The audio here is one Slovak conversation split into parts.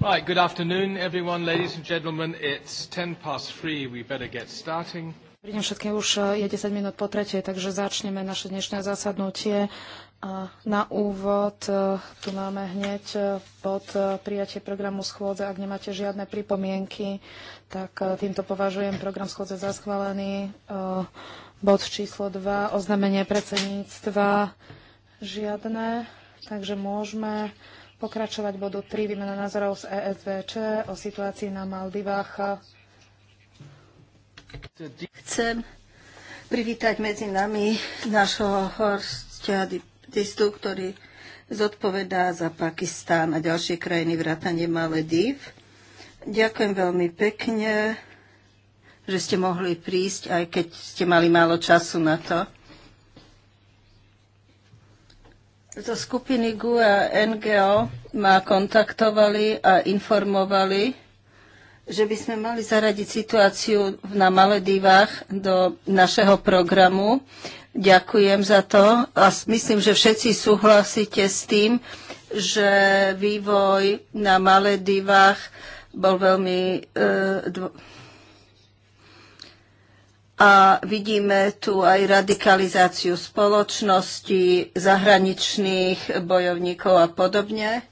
Right, good afternoon everyone, ladies and gentlemen. It's 10 past 3, we better get starting. Dobrý deň všetkým, už eh, je 10 minút po tretej, takže začneme naše dnešné zasadnutie. na úvod eh, tu máme hneď eh, pod prijatie programu schôdze. Ak nemáte žiadne pripomienky, tak týmto považujem program schôdze za schválený. Bod číslo 2, oznámenie predsedníctva. Žiadne, takže môžeme pokračovať bodu 3 výmena názorov z ESVČ o situácii na Maldivách. Chcem privítať medzi nami nášho horstia distu, ktorý zodpovedá za Pakistán a ďalšie krajiny vrátane Maledív. Ďakujem veľmi pekne, že ste mohli prísť, aj keď ste mali málo času na to. zo skupiny GUE a NGO ma kontaktovali a informovali, že by sme mali zaradiť situáciu na Maledivách do našeho programu. Ďakujem za to a myslím, že všetci súhlasíte s tým, že vývoj na Maledivách bol veľmi e, a vidíme tu aj radikalizáciu spoločnosti, zahraničných bojovníkov a podobne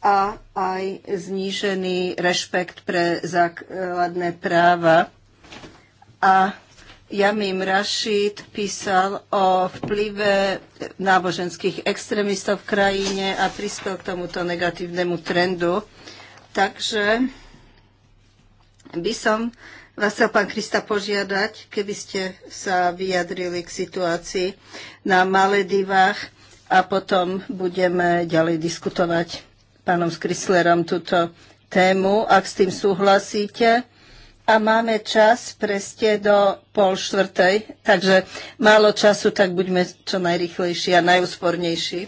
a aj znížený rešpekt pre základné práva. A Jamim Rashid písal o vplyve náboženských extrémistov v krajine a prispel k tomuto negatívnemu trendu. Takže by som vás sa, pán Krista, požiadať, keby ste sa vyjadrili k situácii na Maledivách a potom budeme ďalej diskutovať pánom Skrislerom túto tému, ak s tým súhlasíte. A máme čas preste do pol štvrtej, takže málo času, tak buďme čo najrychlejší a najúspornejší.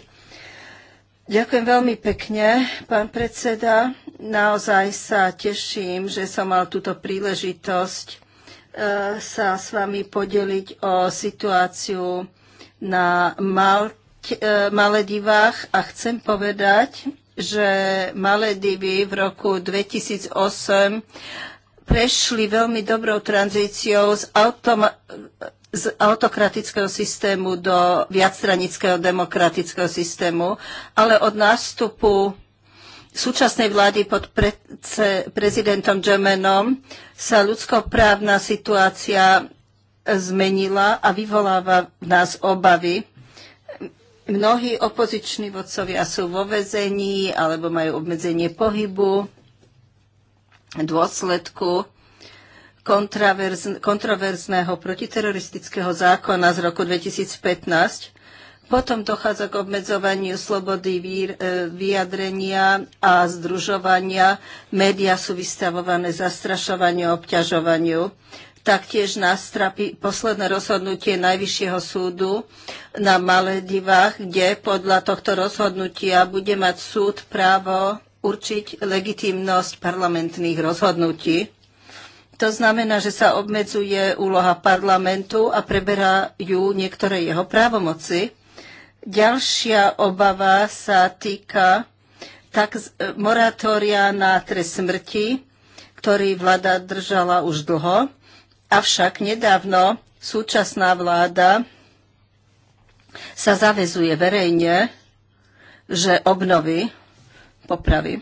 Ďakujem veľmi pekne, pán predseda. Naozaj sa teším, že som mal túto príležitosť e, sa s vami podeliť o situáciu na e, Maledivách a chcem povedať, že Maledivy v roku 2008 prešli veľmi dobrou tranzíciou z, z autokratického systému do viacstranického demokratického systému, ale od nástupu súčasnej vlády pod prezidentom Jemenom sa ľudskoprávna situácia e, zmenila a vyvoláva v nás obavy. Mnohí opoziční vodcovia sú vo vezení alebo majú obmedzenie pohybu v dôsledku kontroverzného protiteroristického zákona z roku 2015 potom dochádza k obmedzovaniu slobody e, vyjadrenia a združovania. Média sú vystavované zastrašovaniu a obťažovaniu. Taktiež nás trapí posledné rozhodnutie Najvyššieho súdu na Maledivách, kde podľa tohto rozhodnutia bude mať súd právo určiť legitimnosť parlamentných rozhodnutí. To znamená, že sa obmedzuje úloha parlamentu a preberajú niektoré jeho právomoci. Ďalšia obava sa týka tak moratória na trest smrti, ktorý vláda držala už dlho. Avšak nedávno súčasná vláda sa zavezuje verejne, že obnovy popravy.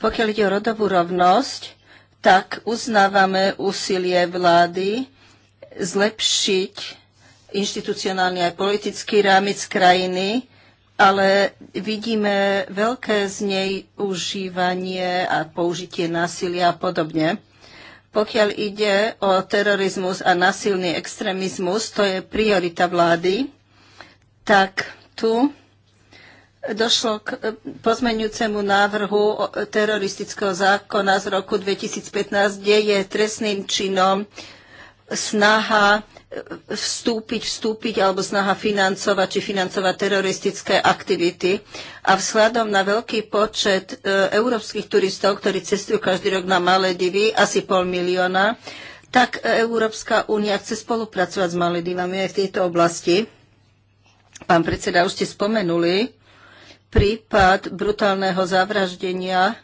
Pokiaľ ide o rodovú rovnosť, tak uznávame úsilie vlády zlepšiť inštitucionálny aj politický rámec krajiny, ale vidíme veľké z nej užívanie a použitie násilia a podobne. Pokiaľ ide o terorizmus a násilný extrémizmus, to je priorita vlády, tak tu došlo k eh, pozmenujúcemu návrhu eh, teroristického zákona z roku 2015, kde je trestným činom snaha vstúpiť, vstúpiť alebo snaha financovať či financovať teroristické aktivity. A vzhľadom na veľký počet e, európskych turistov, ktorí cestujú každý rok na Maledivy, asi pol milióna, tak e, Európska únia chce spolupracovať s Maledivami aj v tejto oblasti. Pán predseda, už ste spomenuli prípad brutálneho zavraždenia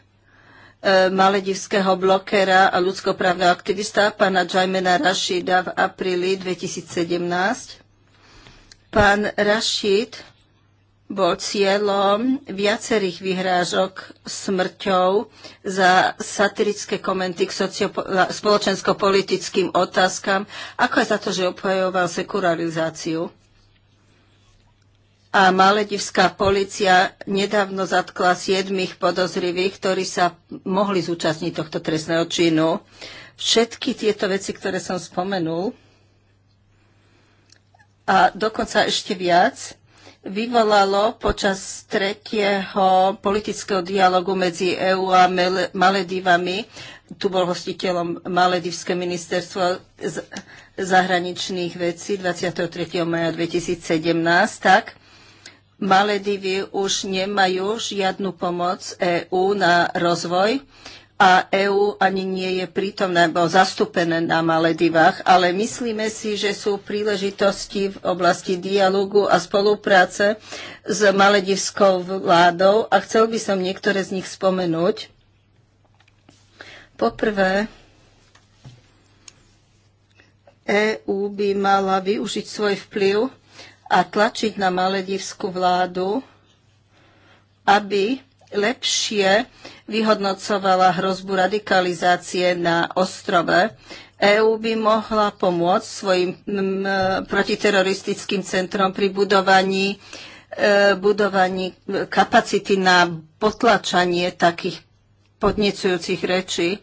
maledivského blokera a ľudskoprávneho aktivista pána Džajmena Rašida v apríli 2017. Pán Rašid bol cieľom viacerých vyhrážok smrťou za satirické komenty k spoločensko-politickým otázkam, ako aj za to, že obhajoval sekularizáciu a maledivská policia nedávno zatkla siedmých podozrivých, ktorí sa mohli zúčastniť tohto trestného činu. Všetky tieto veci, ktoré som spomenul, a dokonca ešte viac, vyvolalo počas tretieho politického dialogu medzi EÚ a Maledivami, tu bol hostiteľom Maledivské ministerstvo zahraničných vecí 23. maja 2017, tak Maledivy už nemajú žiadnu pomoc EÚ na rozvoj a EÚ ani nie je prítomné alebo zastúpené na Maledivách, ale myslíme si, že sú príležitosti v oblasti dialogu a spolupráce s maledivskou vládou a chcel by som niektoré z nich spomenúť. Poprvé, EÚ by mala využiť svoj vplyv a tlačiť na maledivskú vládu, aby lepšie vyhodnocovala hrozbu radikalizácie na ostrove. EÚ by mohla pomôcť svojim protiteroristickým centrom pri budovaní, e, budovaní kapacity na potlačanie takých podnecujúcich rečí.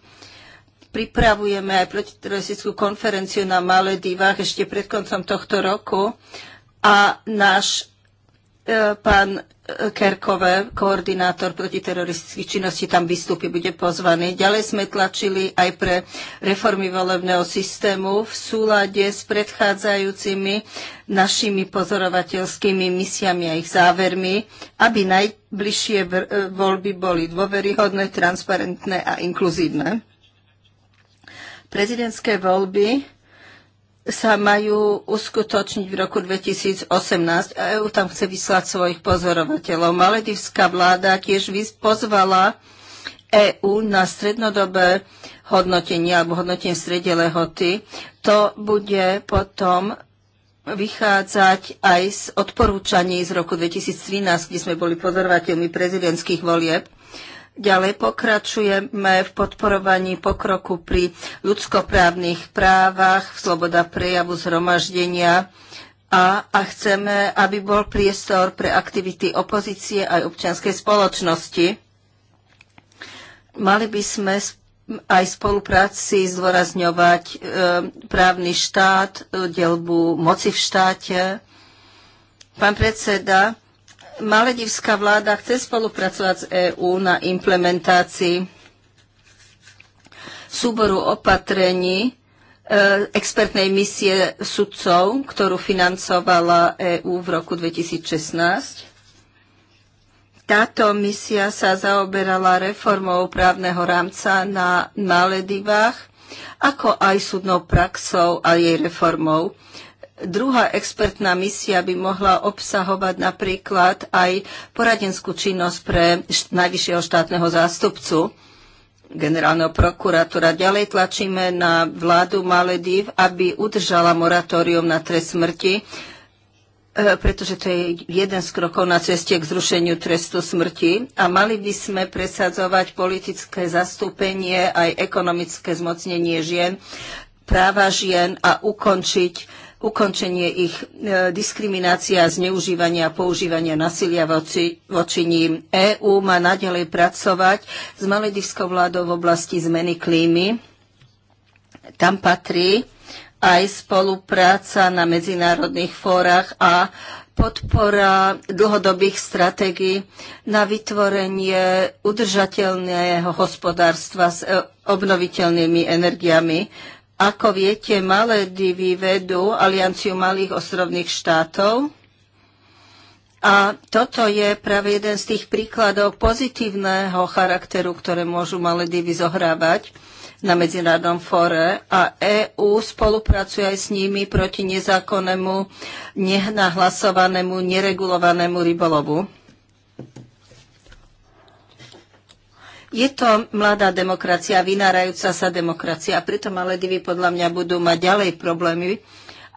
Pripravujeme aj protiteroristickú konferenciu na Maledivách ešte pred koncom tohto roku a náš e, pán e, Kerkové, koordinátor protiteroristických činností, tam vystúpi, bude pozvaný. Ďalej sme tlačili aj pre reformy volebného systému v súlade s predchádzajúcimi našimi pozorovateľskými misiami a ich závermi, aby najbližšie e, voľby boli dôveryhodné, transparentné a inkluzívne. Prezidentské voľby sa majú uskutočniť v roku 2018 a EU tam chce vyslať svojich pozorovateľov. Maledivská vláda tiež pozvala EÚ na strednodobé hodnotenie alebo hodnotenie strede lehoty. To bude potom vychádzať aj z odporúčaní z roku 2013, kde sme boli pozorovateľmi prezidentských volieb. Ďalej pokračujeme v podporovaní pokroku pri ľudskoprávnych právach, sloboda prejavu zhromaždenia a, a chceme, aby bol priestor pre aktivity opozície aj občianskej spoločnosti. Mali by sme aj spolupráci zdôrazňovať e, právny štát, e, delbu moci v štáte. Pán predseda, Maledivská vláda chce spolupracovať s EÚ na implementácii súboru opatrení e, expertnej misie sudcov, ktorú financovala EÚ v roku 2016. Táto misia sa zaoberala reformou právneho rámca na Maledivách, ako aj súdnou praxou a jej reformou. Druhá expertná misia by mohla obsahovať napríklad aj poradenskú činnosť pre najvyššieho štátneho zástupcu generálneho prokurátora. Ďalej tlačíme na vládu Maledív, aby udržala moratórium na trest smrti, e, pretože to je jeden z krokov na ceste k zrušeniu trestu smrti a mali by sme presadzovať politické zastúpenie aj ekonomické zmocnenie žien, práva žien a ukončiť ukončenie ich e, diskriminácia, zneužívania a používania nasilia voči, voči ním. EÚ má naďalej pracovať s maledivskou vládou v oblasti zmeny klímy. Tam patrí aj spolupráca na medzinárodných fórach a podpora dlhodobých stratégií na vytvorenie udržateľného hospodárstva s e, obnoviteľnými energiami. Ako viete, Maledivy vedú Alianciu malých ostrovných štátov. A toto je práve jeden z tých príkladov pozitívneho charakteru, ktoré môžu Maledivy zohrávať na medzinárodnom fóre a EÚ spolupracuje aj s nimi proti nezákonnému, nenahlasovanému, neregulovanému rybolovu. Je to mladá demokracia, vynárajúca sa demokracia a preto Maledivy podľa mňa budú mať ďalej problémy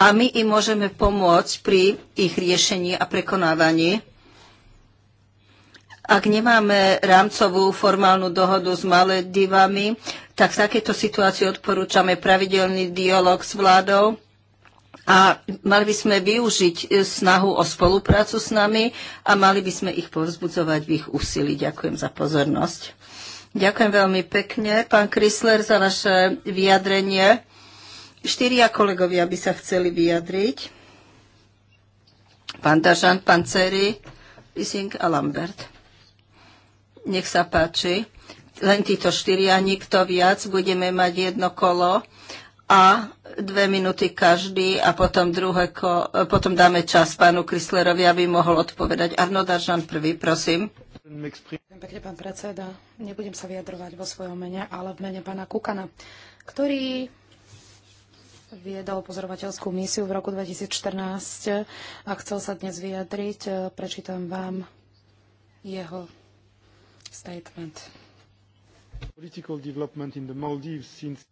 a my im môžeme pomôcť pri ich riešení a prekonávaní. Ak nemáme rámcovú formálnu dohodu s Maledivami, tak v takejto situácii odporúčame pravidelný dialog s vládou a mali by sme využiť e, snahu o spoluprácu s nami a mali by sme ich povzbudzovať v ich úsilí. Ďakujem za pozornosť. Ďakujem veľmi pekne, pán Chrysler, za vaše vyjadrenie. Štyria kolegovia by sa chceli vyjadriť. Pán Dažant, pán Cery, Ising a Lambert. Nech sa páči. Len títo štyria, nikto viac. Budeme mať jedno kolo a dve minúty každý a potom, druhé ko, potom dáme čas pánu Krislerovi, aby mohol odpovedať. Arno Daržan, prvý, prosím. Pekne, pán predseda. Nebudem sa vyjadrovať vo svojom mene, ale v mene pána Kukana, ktorý viedol pozorovateľskú misiu v roku 2014 a chcel sa dnes vyjadriť. Prečítam vám jeho statement.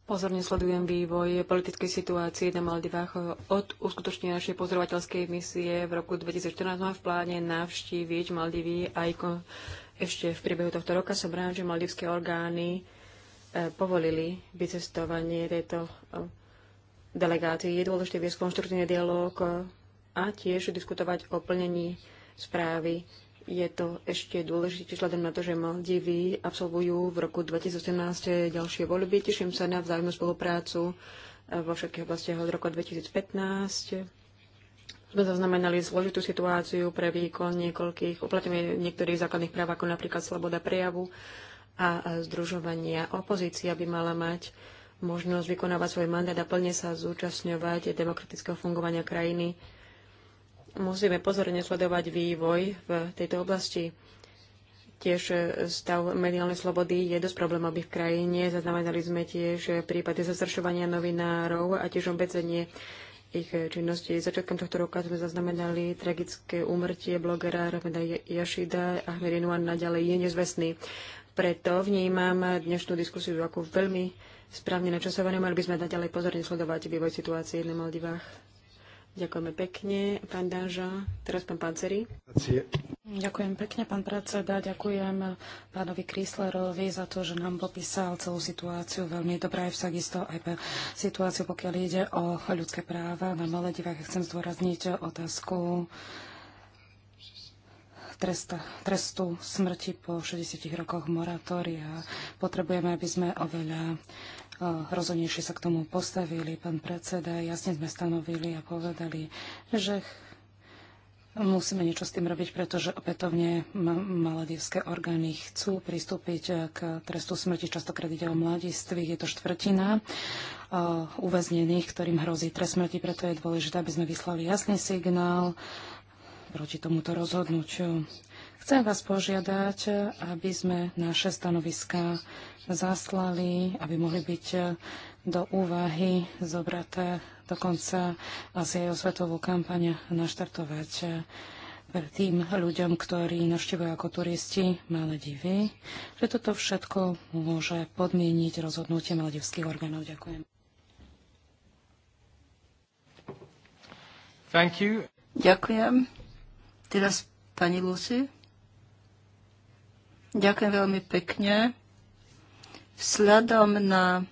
Pozorne sledujem vývoj politickej situácie na Maldivách od uskutočnenia našej pozorovateľskej misie v roku 2014. Mám v pláne navštíviť Maldivy aj ešte v priebehu tohto roka. Som rád, že maldivské orgány e, povolili vycestovanie tejto e, delegácie. Je dôležité viesť konštruktívny dialog e, a tiež diskutovať o plnení správy je to ešte dôležité vzhľadom na to, že Maldivy absolvujú v roku 2018 ďalšie voľby. Teším sa na vzájomnú spoluprácu eh, vo všetkých oblastiach od roku 2015. Sme zaznamenali zložitú situáciu pre výkon niekoľkých uplatňovania niektorých základných práv, ako napríklad sloboda prejavu a eh, združovania. Opozícia by mala mať možnosť vykonávať svoj mandát a plne sa zúčastňovať demokratického fungovania krajiny musíme pozorne sledovať vývoj v tejto oblasti. Tiež stav mediálnej slobody je dosť problémový v krajine. Zaznamenali sme tiež prípady zastrašovania novinárov a tiež obmedzenie ich činnosti. Začiatkom tohto roka sme zaznamenali tragické úmrtie blogera Rameda Jašida. a Hmerinu a naďalej je nezvestný. Preto vnímam dnešnú diskusiu ako veľmi správne načasovanú. Mali by sme naďalej pozorne sledovať vývoj situácie na Maldivách. Ďakujeme pekne, pán Danža. Teraz pán Panceri. Ďakujem pekne, pán predseda. Ďakujem pánovi Kríslerovi za to, že nám popísal celú situáciu veľmi dobrá aj takisto aj pre situáciu, pokiaľ ide o ľudské práva na Maledivách. Chcem zdôrazniť otázku tresta, trestu smrti po 60 rokoch moratória. Potrebujeme, aby sme oveľa rozhodnejšie sa k tomu postavili. Pán predseda, jasne sme stanovili a povedali, že musíme niečo s tým robiť, pretože opätovne maledivské orgány chcú pristúpiť eh, k trestu smrti. Častokrát ide o mladistvých, je to štvrtina eh, uväznených, ktorým hrozí trest smrti. Preto je dôležité, aby sme vyslali jasný signál proti tomuto rozhodnutiu. Chcem vás požiadať, aby sme naše stanoviská zaslali, aby mohli byť do úvahy zobraté dokonca asi aj osvetovú kampaň naštartovať tým ľuďom, ktorí navštevujú ako turisti Maledivy, že toto všetko môže podmieniť rozhodnutie maledivských orgánov. Ďakujem. Thank you. Ďakujem. Teraz pani Lucy. Ďakujem veľmi pekne. Vzhľadom na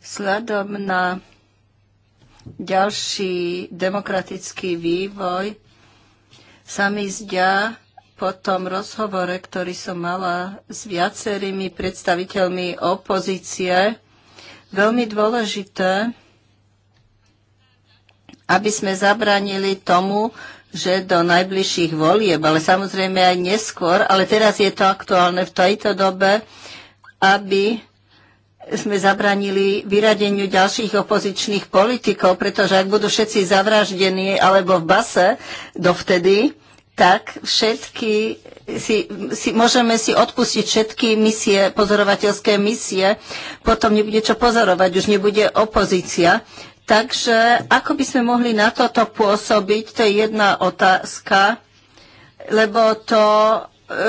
vzhľadom na ďalší demokratický vývoj sa mi zdá po tom rozhovore, ktorý som mala s viacerými predstaviteľmi opozície, veľmi dôležité, aby sme zabranili tomu, že do najbližších volieb, ale samozrejme aj neskôr, ale teraz je to aktuálne v tejto dobe, aby sme zabranili vyradeniu ďalších opozičných politikov, pretože ak budú všetci zavraždení alebo v base dovtedy, tak všetky si, si, môžeme si odpustiť všetky misie, pozorovateľské misie, potom nebude čo pozorovať, už nebude opozícia. Takže ako by sme mohli na toto pôsobiť, to je jedna otázka, lebo to,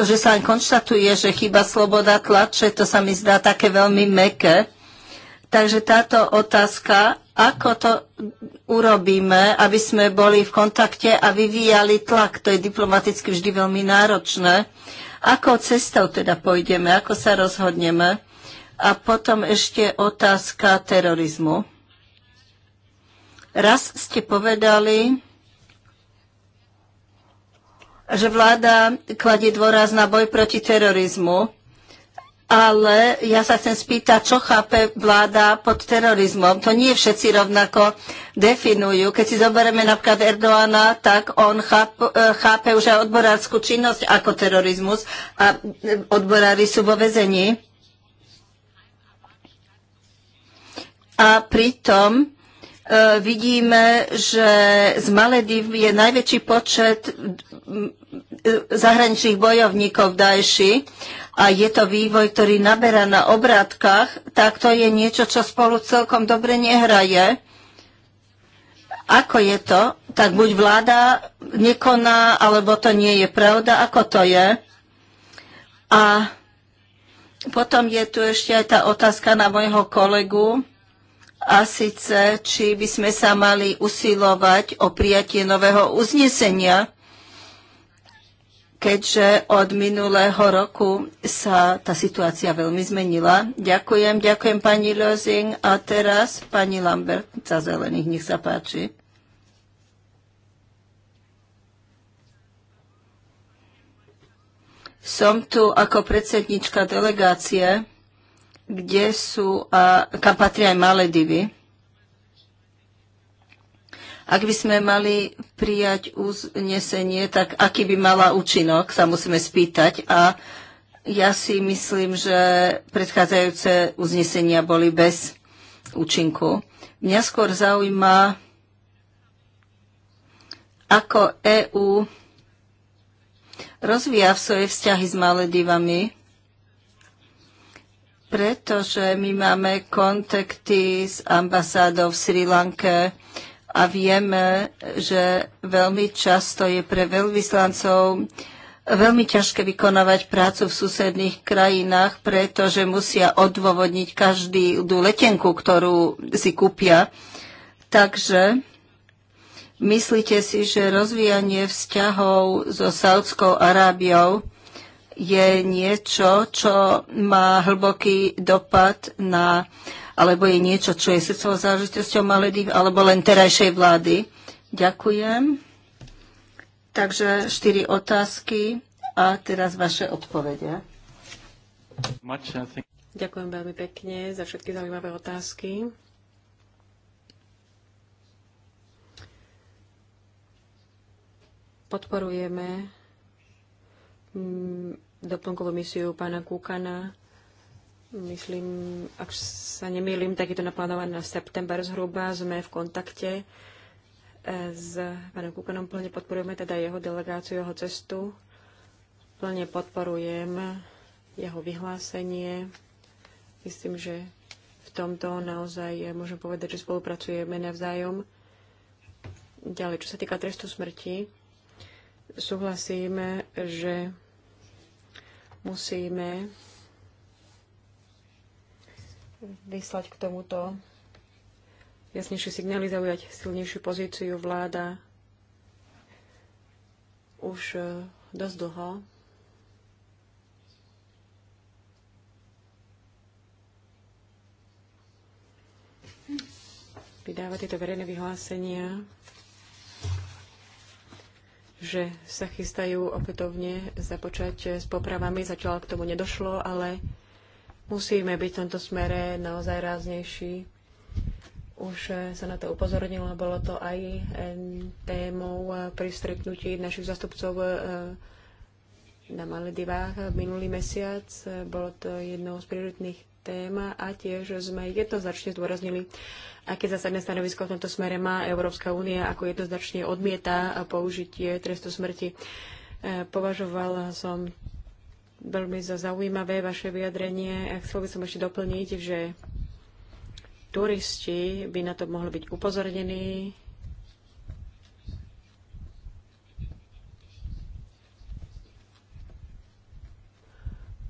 že sa konštatuje, že chyba sloboda tlače, to sa mi zdá také veľmi meké. Takže táto otázka, ako to urobíme, aby sme boli v kontakte a vyvíjali tlak, to je diplomaticky vždy veľmi náročné. ako cestou teda pôjdeme, ako sa rozhodneme? A potom ešte otázka terorizmu. Raz ste povedali, že vláda kladie dôraz na boj proti terorizmu, ale ja sa chcem spýtať, čo chápe vláda pod terorizmom. To nie všetci rovnako definujú. Keď si zoberieme napríklad Erdoána, tak on cháp, eh, chápe už aj odborárskú činnosť ako terorizmus a eh, odborári sú vo vezení. A pritom E, vidíme, že z Malediv je najväčší počet e, zahraničných bojovníkov v Dajši a je to vývoj, ktorý naberá na obrátkach, tak to je niečo, čo spolu celkom dobre nehraje. Ako je to? Tak buď vláda nekoná, alebo to nie je pravda. Ako to je? A potom je tu ešte aj tá otázka na môjho kolegu a síce, či by sme sa mali usilovať o prijatie nového uznesenia, keďže od minulého roku sa tá situácia veľmi zmenila. Ďakujem, ďakujem pani Lozing a teraz pani Lambert za zelených, nech sa páči. Som tu ako predsednička delegácie kde sú a kam patria aj Maledivy. Ak by sme mali prijať uznesenie, tak aký by mala účinok, sa musíme spýtať. A ja si myslím, že predchádzajúce uznesenia boli bez účinku. Mňa skôr zaujíma, ako EÚ rozvíja svoje vzťahy s Maledivami pretože my máme kontakty s ambasádou v Sri Lanke a vieme, že veľmi často je pre veľvyslancov veľmi ťažké vykonávať prácu v susedných krajinách, pretože musia odôvodniť každú letenku, ktorú si kúpia. Takže myslíte si, že rozvíjanie vzťahov so Saudskou Arábiou je niečo, čo má hlboký dopad na, alebo je niečo, čo je srdcovou záležitosťou Maledív, alebo len terajšej vlády. Ďakujem. Takže štyri otázky a teraz vaše odpovede. Ďakujem veľmi pekne za všetky zaujímavé otázky. podporujeme mm, doplnkovú misiu pána Kúkana. Myslím, ak sa nemýlim, tak je to naplánované na september zhruba. Sme v kontakte eh, s pánom Kúkanom. Plne podporujeme teda jeho delegáciu, jeho cestu. Plne podporujem jeho vyhlásenie. Myslím, že v tomto naozaj môžem povedať, že spolupracujeme navzájom. Ďalej, čo sa týka trestu smrti, súhlasíme, že musíme vyslať k tomuto jasnejšie signály, zaujať silnejšiu pozíciu. Vláda už e, dosť dlho vydáva tieto verejné vyhlásenia že sa chystajú opätovne započať s popravami. Zatiaľ k tomu nedošlo, ale musíme byť v tomto smere naozaj ráznejší. Už eh, sa na to upozornilo, bolo to aj eh, témou eh, pri stretnutí našich zastupcov na Maledivách minulý mesiac. Bolo to jednou z prioritných téma a tiež sme jednoznačne zdôraznili, aké zásadné stanovisko v tomto smere má Európska únia, ako jednoznačne odmieta použitie trestu smrti. E, považovala som veľmi za zaujímavé vaše vyjadrenie. Chcel by som ešte doplniť, že turisti by na to mohli byť upozornení,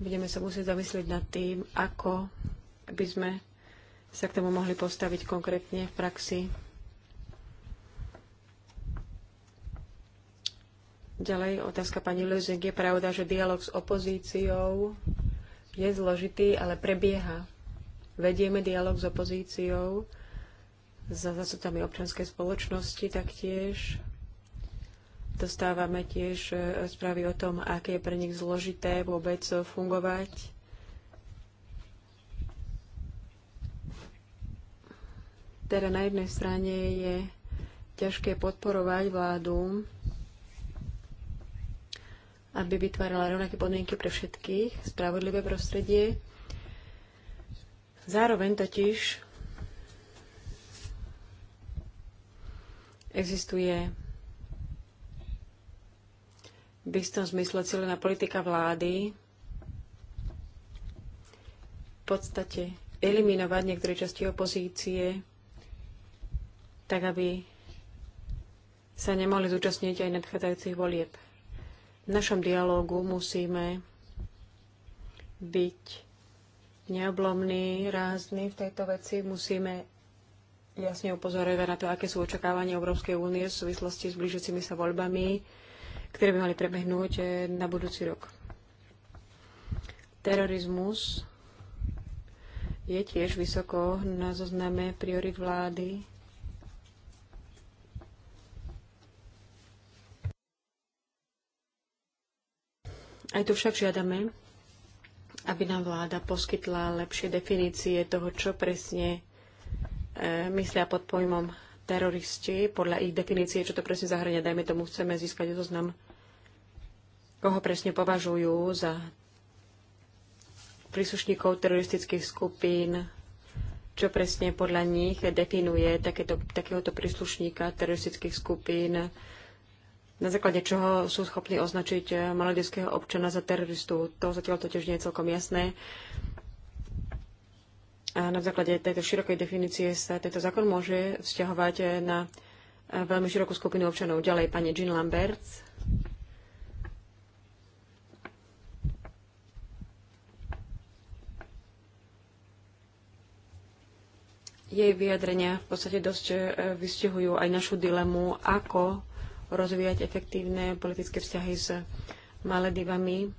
Budeme sa musieť zamyslieť nad tým, ako by sme sa k tomu mohli postaviť konkrétne v praxi. Ďalej otázka pani Lezing. Je pravda, že dialog s opozíciou je zložitý, ale prebieha. Vedieme dialog s opozíciou, za zastupcami občianskej spoločnosti taktiež Dostávame tiež e, správy o tom, aké je pre nich zložité vôbec fungovať. Teda na jednej strane je ťažké podporovať vládu, aby vytvárala rovnaké podmienky pre všetkých, spravodlivé prostredie. Zároveň totiž existuje v istom zmysle celená politika vlády v podstate eliminovať niektoré časti opozície, tak aby sa nemohli zúčastniť aj nadchádzajúcich volieb. V našom dialógu musíme byť neoblomní, rázni v tejto veci. Musíme jasne upozorovať na to, aké sú očakávania Európskej únie v súvislosti s blížiacimi sa voľbami ktoré by mali prebehnúť eh, na budúci rok. Terorizmus je tiež vysoko na zozname priorit vlády. Aj tu však žiadame, aby nám vláda poskytla lepšie definície toho, čo presne eh, myslia pod pojmom teroristi, podľa ich definície, čo to presne zahrania, dajme tomu, chceme získať zoznam, koho presne považujú za príslušníkov teroristických skupín, čo presne podľa nich definuje takéto, takéhoto príslušníka teroristických skupín, na základe čoho sú schopní označiť maledivského občana za teroristu. To zatiaľ to tiež nie je celkom jasné. Uh, a na základe tejto širokej definície sa tento zákon môže vzťahovať na veľmi širokú skupinu občanov. Ďalej pani Jean Lamberts. Jej vyjadrenia v podstate dosť e, vystihujú aj našu dilemu, ako rozvíjať efektívne politické vzťahy s Maledivami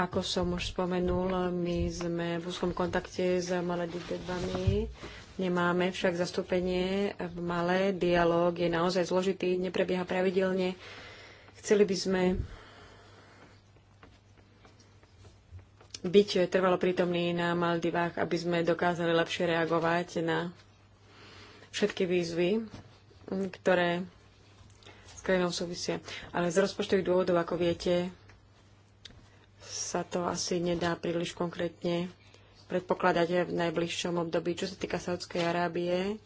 ako som už spomenul, my sme v úzkom kontakte s mladými Nemáme však zastúpenie v malé Dialóg je naozaj zložitý, neprebieha pravidelne. Chceli by sme byť trvalo prítomní na Maldivách, aby sme dokázali lepšie reagovať na všetky výzvy, ktoré s krajinou súvisia. Ale z rozpočtových dôvodov, ako viete, sa to asi nedá príliš konkrétne predpokladať v najbližšom období. Čo sa týka Saudskej Arábie,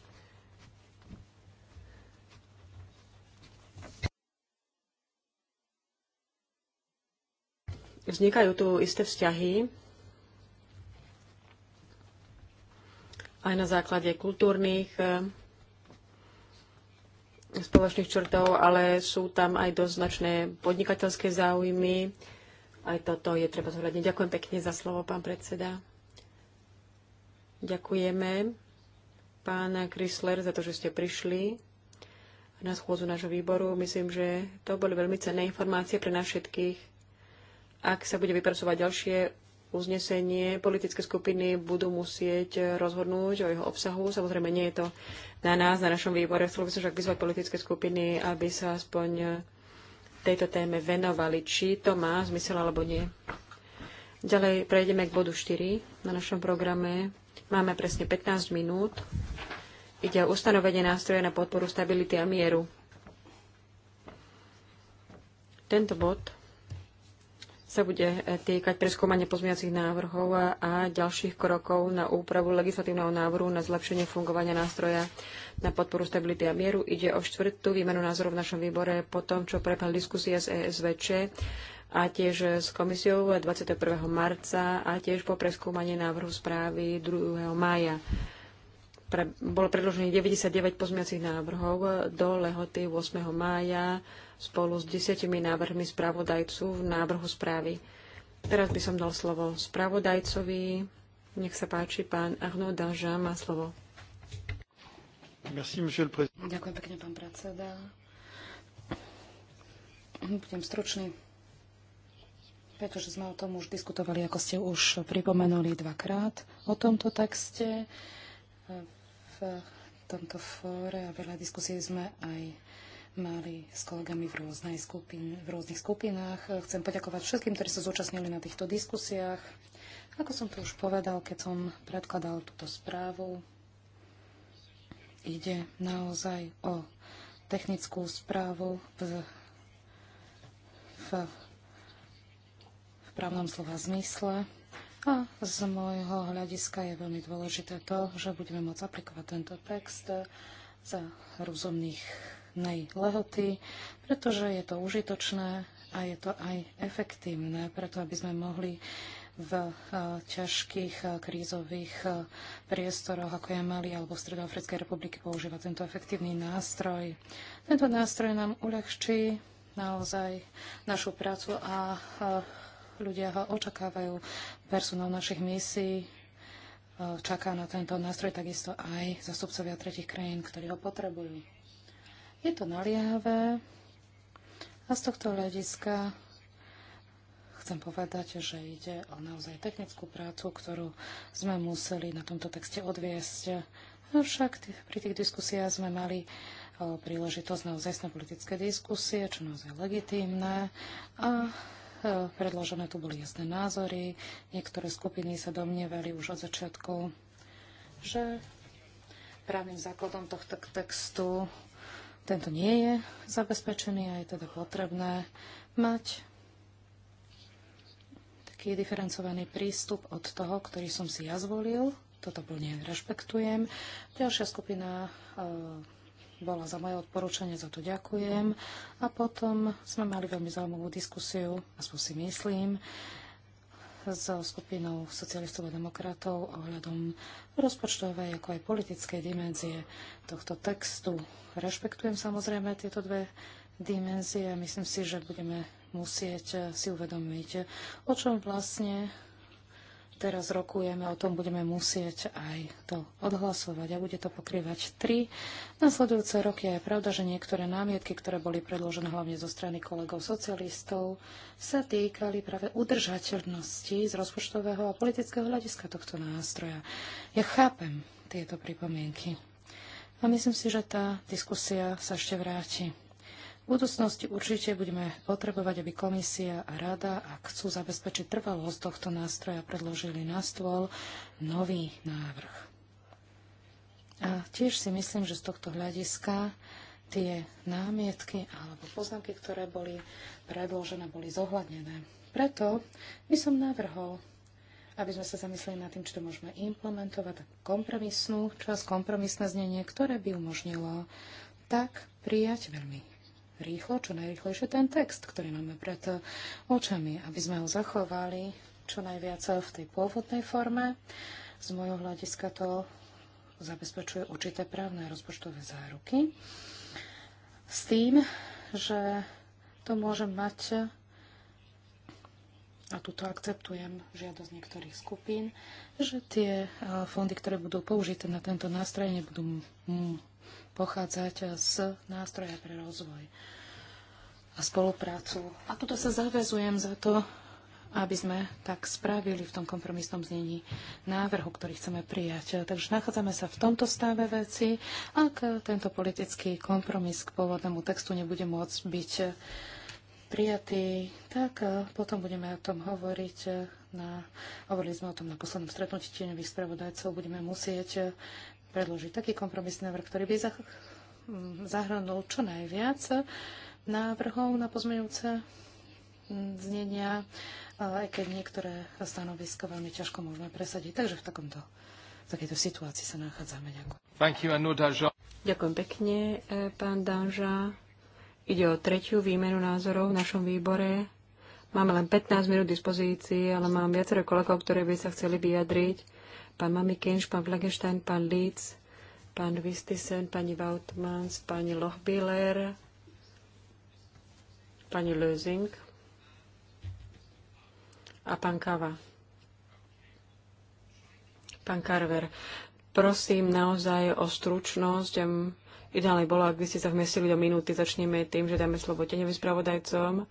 vznikajú tu isté vzťahy aj na základe kultúrnych eh, spoločných črtov, ale sú tam aj dosť značné podnikateľské záujmy. Aj toto je treba zohľadniť. Ďakujem pekne za slovo, pán predseda. Ďakujeme, pán Chrysler, za to, že ste prišli na schôdzu nášho výboru. Myslím, že to boli veľmi cenné informácie pre nás všetkých. Ak sa bude vypracovať ďalšie uznesenie, politické skupiny budú musieť rozhodnúť o jeho obsahu. Samozrejme, nie je to na nás, na našom výbore. Chcel by som však vyzvať politické skupiny, aby sa aspoň tejto téme venovali, či to má zmysel alebo nie. Ďalej prejdeme k bodu 4 na našom programe. Máme presne 15 minút. Ide o ustanovenie nástroje na podporu stability a mieru. Tento bod sa bude e, týkať preskúmania pozmeňacích návrhov a ďalších krokov na úpravu legislatívneho návrhu na zlepšenie fungovania nástroja na podporu stability a mieru. Ide o štvrtú výmenu názorov v našom výbore po tom, čo prebehla diskusia e s ESVČ a tiež s komisiou 21. marca a tiež po preskúmaní návrhu správy 2. mája. Pre, bolo predložených 99 pozmeňacích návrhov do lehoty 8. mája spolu s desiatimi návrhmi spravodajcu v návrhu správy. Teraz by som dal slovo spravodajcovi. Nech sa páči, pán Arnaud Danža má slovo. Merci, Ďakujem pekne, pán predseda. Budem stručný, pretože sme o tom už diskutovali, ako ste už pripomenuli dvakrát o tomto texte. V tomto fóre a veľa diskusí sme aj mali s kolegami v, rôznej skupin, v rôznych skupinách. Chcem poďakovať všetkým, ktorí sa zúčastnili na týchto diskusiách. Ako som to už povedal, keď som predkladal túto správu, ide naozaj o technickú správu v, v, v právnom slova zmysle. A z môjho hľadiska je veľmi dôležité to, že budeme môcť aplikovať tento text za rozumných platnej lehoty, pretože je to užitočné a je to aj efektívne, preto aby sme mohli v e, ťažkých e, krízových e, priestoroch, ako je Mali alebo Stredoafrickej republiky, používať tento efektívny nástroj. Tento nástroj nám uľahčí naozaj našu prácu a ľudia ho očakávajú. Personál našich misií čaká na tento nástroj, takisto aj zastupcovia tretich krajín, ktorí ho potrebujú. Je to naliehavé a z tohto hľadiska chcem povedať, že ide o naozaj technickú prácu, ktorú sme museli na tomto texte odviesť. Avšak pri tých diskusiách sme mali príležitosť na na politické diskusie, čo naozaj legitímne. A e, predložené tu boli jasné názory. Niektoré skupiny sa domnievali už od začiatku, že právnym základom tohto textu tento nie je zabezpečený a je teda potrebné mať taký diferencovaný prístup od toho, ktorý som si ja zvolil. Toto plne rešpektujem. Ďalšia skupina eh, bola za moje odporúčanie, za to ďakujem. A potom sme mali veľmi zaujímavú diskusiu, aspoň si myslím, so skupinou socialistov a demokratov ohľadom rozpočtovej ako aj politickej dimenzie tohto textu. Rešpektujem samozrejme tieto dve dimenzie a myslím si, že budeme musieť si uvedomiť, o čom vlastne teraz rokujeme, o tom budeme musieť aj to odhlasovať a bude to pokrývať tri nasledujúce roky. A je pravda, že niektoré námietky, ktoré boli predložené hlavne zo strany kolegov socialistov, sa týkali práve udržateľnosti z rozpočtového a politického hľadiska tohto nástroja. Ja chápem tieto pripomienky. A myslím si, že tá diskusia sa ešte vráti. V budúcnosti určite budeme potrebovať, aby komisia a rada, ak chcú zabezpečiť trvalosť tohto nástroja, predložili na stôl nový návrh. A tiež si myslím, že z tohto hľadiska tie námietky alebo poznámky, ktoré boli predložené, boli zohľadnené. Preto by som navrhol, aby sme sa zamysleli nad tým, či to môžeme implementovať kompromisnú časť, kompromisné znenie, ktoré by umožnilo tak prijať veľmi rýchlo, čo najrýchlejšie ten text, ktorý máme pred eh, očami, aby sme ho zachovali čo najviac v tej pôvodnej forme. Z môjho hľadiska to zabezpečuje určité právne rozpočtové záruky. S tým, že to môže mať a tuto akceptujem žiadosť niektorých skupín, že tie e, fondy, ktoré budú použité na tento nástroj, nebudú pochádzať z nástroja pre rozvoj a spoluprácu. A tuto sa zavezujem za to, aby sme tak spravili v tom kompromisnom znení návrhu, ktorý chceme prijať. Takže nachádzame sa v tomto stave veci, ak tento politický kompromis k pôvodnému textu nebude môcť byť prijatý, tak e, potom budeme o tom hovoriť. E, na, hovorili sme o tom na poslednom stretnutí tieňových spravodajcov. Budeme musieť e, predložiť taký kompromisný návrh, ktorý by zahrnul čo najviac návrhov na pozmeňujúce znenia, aj keď niektoré stanoviska veľmi ťažko môžeme presadiť. Takže v takomto v takejto situácii sa nachádzame. Ďakujem. Ďakujem pekne, pán Danža. Ide o tretiu výmenu názorov v našom výbore. Máme len 15 minút dispozícii, ale mám viacero kolegov, ktoré by sa chceli vyjadriť. Pán Mamikinš, pán Flagenstein, pán Líc, pán Vistisen, pani Vautmans, pani Lochbiller, pani Lösing a pán Kava. Pán Carver, prosím naozaj o stručnosť. Ideálne bolo, ak by ste sa vmestili do minúty. Začneme tým, že dáme slovo tenevým spravodajcom.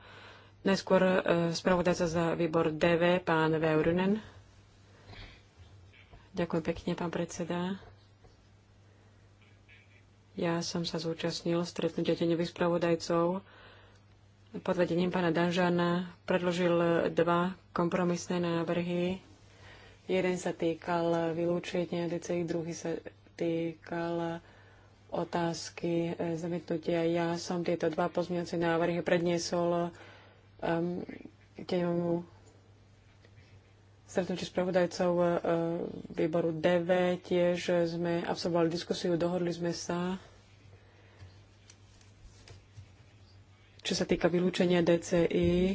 Najskôr e, spravodajca za výbor DV, pán Veurunen. Ďakujem pekne, pán predseda. Ja som sa zúčastnil stretnutia tenevých spravodajcov. Pod vedením pána Danžana predložil dva kompromisné návrhy. Jeden sa týkal vylúčenia DCI, druhý sa týkal otázky e, zamietnutia. Ja som tieto dva pozmeňovacie návrhy predniesol um, ehm, tému stretnutie spravodajcov uh, výboru DV. Tiež sme absolvovali diskusiu, dohodli sme sa, čo sa týka vylúčenia DCI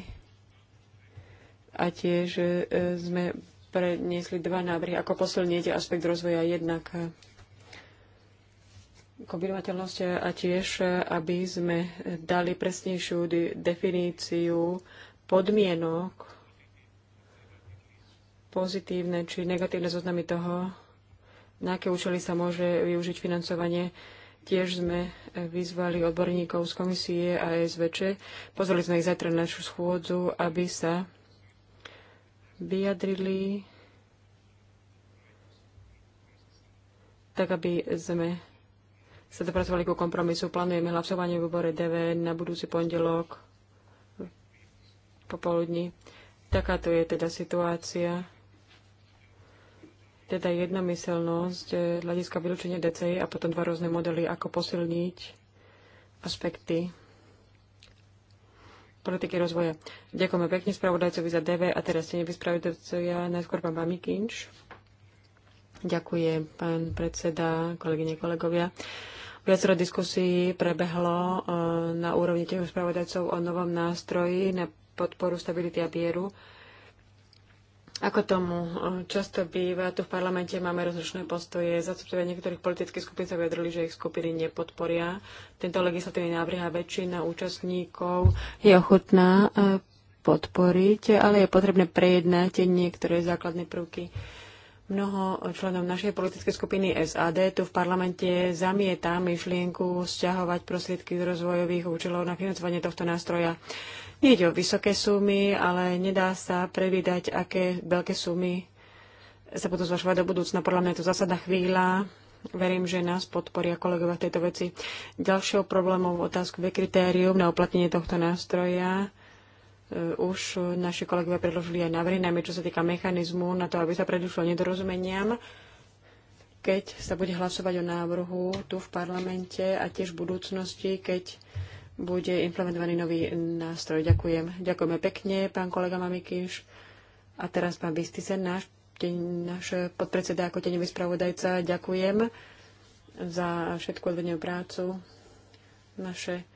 a tiež uh, sme predniesli dva návrhy, ako posilniť aspekt rozvoja jednak uh, kombinovateľnosť a tiež, aby sme dali presnejšiu definíciu podmienok pozitívne či negatívne zoznamy toho, na aké účely sa môže využiť financovanie. Tiež sme vyzvali odborníkov z komisie a SVČ. Pozvali sme ich zajtra na našu schôdzu, aby sa vyjadrili tak, aby sme sa dopracovali ku kompromisu. Plánujeme hlasovanie v výbore DV na budúci pondelok popoludní. Takáto je teda situácia. Teda jednomyselnosť eh, hľadiska vylúčenia DCI a potom dva rôzne modely, ako posilniť aspekty politiky rozvoja. Ďakujeme pekne spravodajcovi za DV a teraz ste nevyspravodajcovia, najskôr pán Mamikinč. Ďakujem, pán predseda, kolegyne, kolegovia. Viacero diskusí prebehlo e, na úrovni tých spravodajcov o novom nástroji na podporu stability a bieru. Ako tomu e, často býva, tu v parlamente máme rozličné postoje. Zastupcovia niektorých politických skupín sa vyjadrili, že ich skupiny nepodporia tento legislatívny návrh a väčšina účastníkov je ochotná e, podporiť, ale je potrebné prejednať niektoré základné prvky Mnoho členov našej politickej skupiny SAD tu v parlamente zamieta myšlienku sťahovať prostriedky z rozvojových účelov na financovanie tohto nástroja. ide o vysoké sumy, ale nedá sa previdať, aké veľké sumy sa budú zvažovať do budúcna. Podľa mňa je to zásadná chvíľa. Verím, že nás podporia kolegovia v tejto veci. Ďalšou problémovou otázku je kritérium na uplatnenie tohto nástroja E, už naši kolegovia predložili aj návrhy, najmä čo sa týka mechanizmu na to, aby sa predušlo nedorozumeniam, keď sa bude hlasovať o návrhu tu v parlamente a tiež v budúcnosti, keď bude implementovaný nový nástroj. Ďakujem. Ďakujeme pekne, pán kolega Mamikiš. A teraz pán Vistisen, náš, náš podpredseda ako tenevý spravodajca. Ďakujem za všetku odvednú prácu. Naše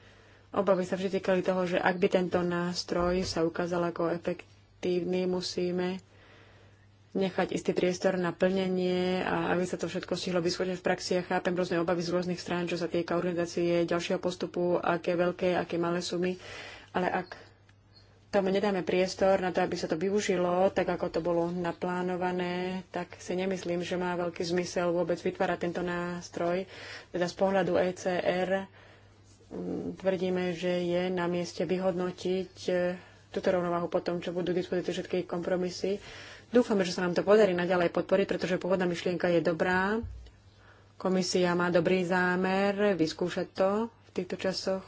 Obavy sa vždy týkali toho, že ak by tento nástroj sa ukázal ako efektívny, musíme nechať istý priestor na plnenie a aby sa to všetko stihlo vyskúšať v praxi. Ja chápem rôzne obavy z rôznych strán, čo sa týka organizácie ďalšieho postupu, aké veľké, aké malé sumy, ale ak tomu nedáme priestor na to, aby sa to využilo, tak ako to bolo naplánované, tak si nemyslím, že má veľký zmysel vôbec vytvárať tento nástroj. Teda z pohľadu ECR tvrdíme, že je na mieste vyhodnotiť e, túto rovnováhu po tom, čo budú dispozície všetky kompromisy. Dúfame, že sa nám to podarí naďalej podporiť, pretože pôvodná myšlienka je dobrá. Komisia má dobrý zámer vyskúšať to v týchto časoch.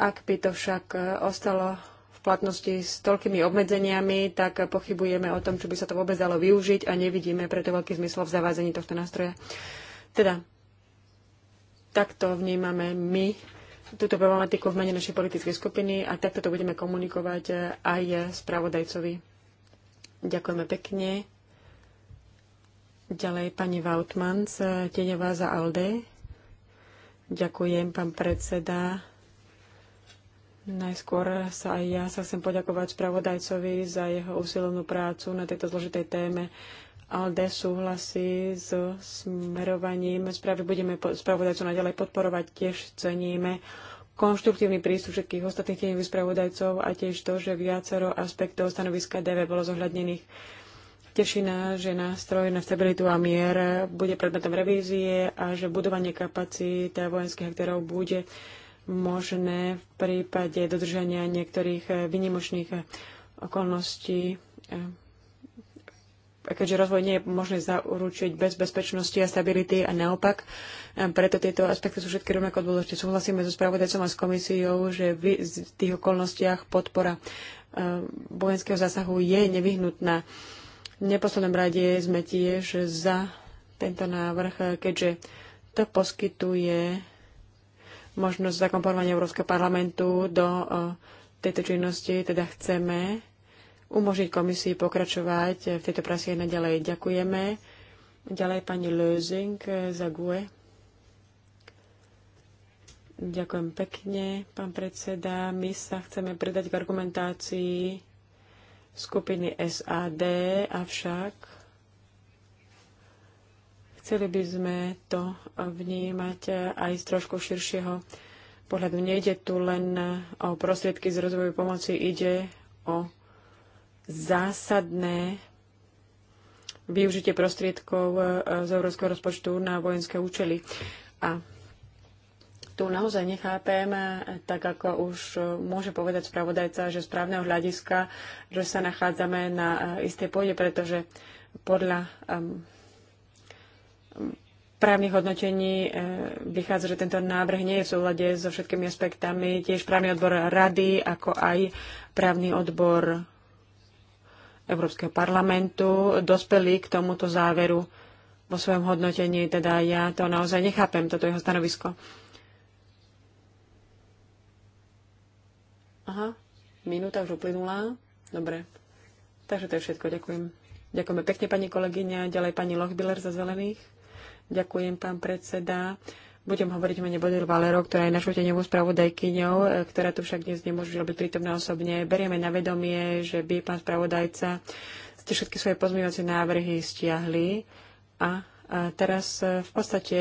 Ak by to však e, ostalo v platnosti s toľkými obmedzeniami, tak pochybujeme o tom, čo by sa to vôbec dalo využiť a nevidíme preto veľký zmysel v zavázení tohto nástroja. Teda Takto vnímame my túto problematiku v mene našej politickej skupiny a takto to budeme komunikovať eh, aj spravodajcovi. Ďakujeme pekne. Ďalej pani Vautmans, eh, tieňová za ALDE. Ďakujem, pán predseda. Najskôr sa aj ja sa chcem poďakovať spravodajcovi za jeho usilovnú prácu na tejto zložitej téme. ALDE súhlasí s smerovaním správy. Budeme spravodajcov naďalej podporovať. Tiež ceníme konštruktívny prístup všetkých ostatných tieňových spravodajcov a tiež to, že viacero aspektov stanoviska DV bolo zohľadnených. Teší nás, že nástroj na stabilitu a mier bude predmetom revízie a že budovanie kapacít vojenských aktérov bude možné v prípade dodržania niektorých eh, vynimočných eh, okolností eh, keďže rozvoj nie je možné zaručiť bez bezpečnosti a stability a naopak. Preto tieto aspekty sú všetky rovnako dôležité. Súhlasíme so spravodajcom a s komisiou, že v tých okolnostiach podpora e, vojenského zásahu je nevyhnutná. V neposlednom rade sme tiež za tento návrh, keďže to poskytuje možnosť zakomponovania Európskeho parlamentu do e, tejto činnosti, teda chceme umožniť komisii pokračovať v tejto práci aj naďalej. Ďakujeme. Ďalej pani Lözing za GUE. Ďakujem pekne, pán predseda. My sa chceme predať k argumentácii skupiny SAD, avšak chceli by sme to vnímať aj z trošku širšieho pohľadu. Nejde tu len o prostriedky z rozvoju pomoci, ide o zásadné využitie prostriedkov e, z európskeho rozpočtu na vojenské účely. A tu naozaj nechápem, tak ako už e, môže povedať spravodajca, že správneho hľadiska, že sa nachádzame na e, istej pôde, pretože podľa um, právnych hodnotení e, vychádza, že tento návrh nie je v súlade so všetkými aspektami. Tiež právny odbor rady, ako aj právny odbor Európskeho parlamentu dospeli k tomuto záveru vo svojom hodnotení. Teda ja to naozaj nechápem, toto jeho stanovisko. Aha, minúta už uplynula. Dobre. Takže to je všetko. Ďakujem. Ďakujeme pekne, pani kolegyňa. Ďalej pani Lochbiller za zelených. Ďakujem, pán predseda. Budem hovoriť o mene Bodil Valero, ktorá je našou tenevou spravodajkyňou, e, ktorá tu však dnes nemôže byť prítomná osobne. Berieme na vedomie, že by pán spravodajca ste všetky svoje pozmývacie návrhy stiahli a a e, teraz e, v podstate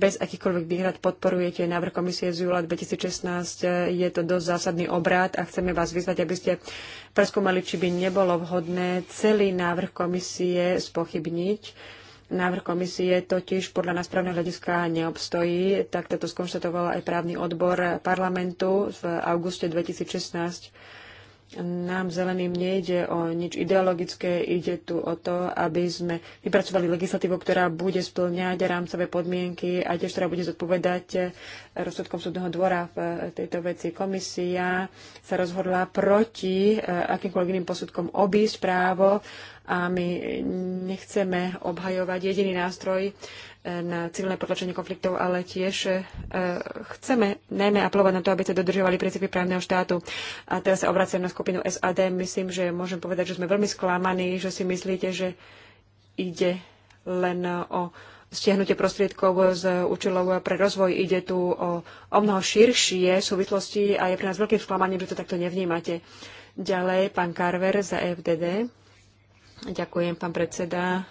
bez akýchkoľvek výhrad podporujete návrh komisie z júla 2016. Je to dosť zásadný obrad a chceme vás vyzvať, aby ste preskúmali, či by nebolo vhodné celý návrh komisie spochybniť Návrh komisie totiž podľa nás právneho hľadiska neobstojí, tak toto skonštatoval aj právny odbor parlamentu v auguste 2016. Nám zeleným nejde o nič ideologické, ide tu o to, aby sme vypracovali legislatívu, ktorá bude splňať rámcové podmienky a tiež ktorá bude zodpovedať rozsudkom súdneho dvora v tejto veci. Komisia sa rozhodla proti eh, akýmkoľvek iným posudkom obísť právo a my nechceme obhajovať jediný nástroj eh, na civilné potlačenie konfliktov, ale tiež eh, chceme najmä apelovať na to, aby sa dodržovali princípy právneho štátu. A teraz sa obraciam na skupinu SAD. Myslím, že môžem povedať, že sme veľmi sklamaní, že si myslíte, že ide len o stiahnutie prostriedkov z účelov pre rozvoj. Ide tu o, o mnoho širšie súvislosti a je pre nás veľkým sklamaním, že to takto nevnímate. Ďalej pán Carver za FDD. Ďakujem, pán predseda.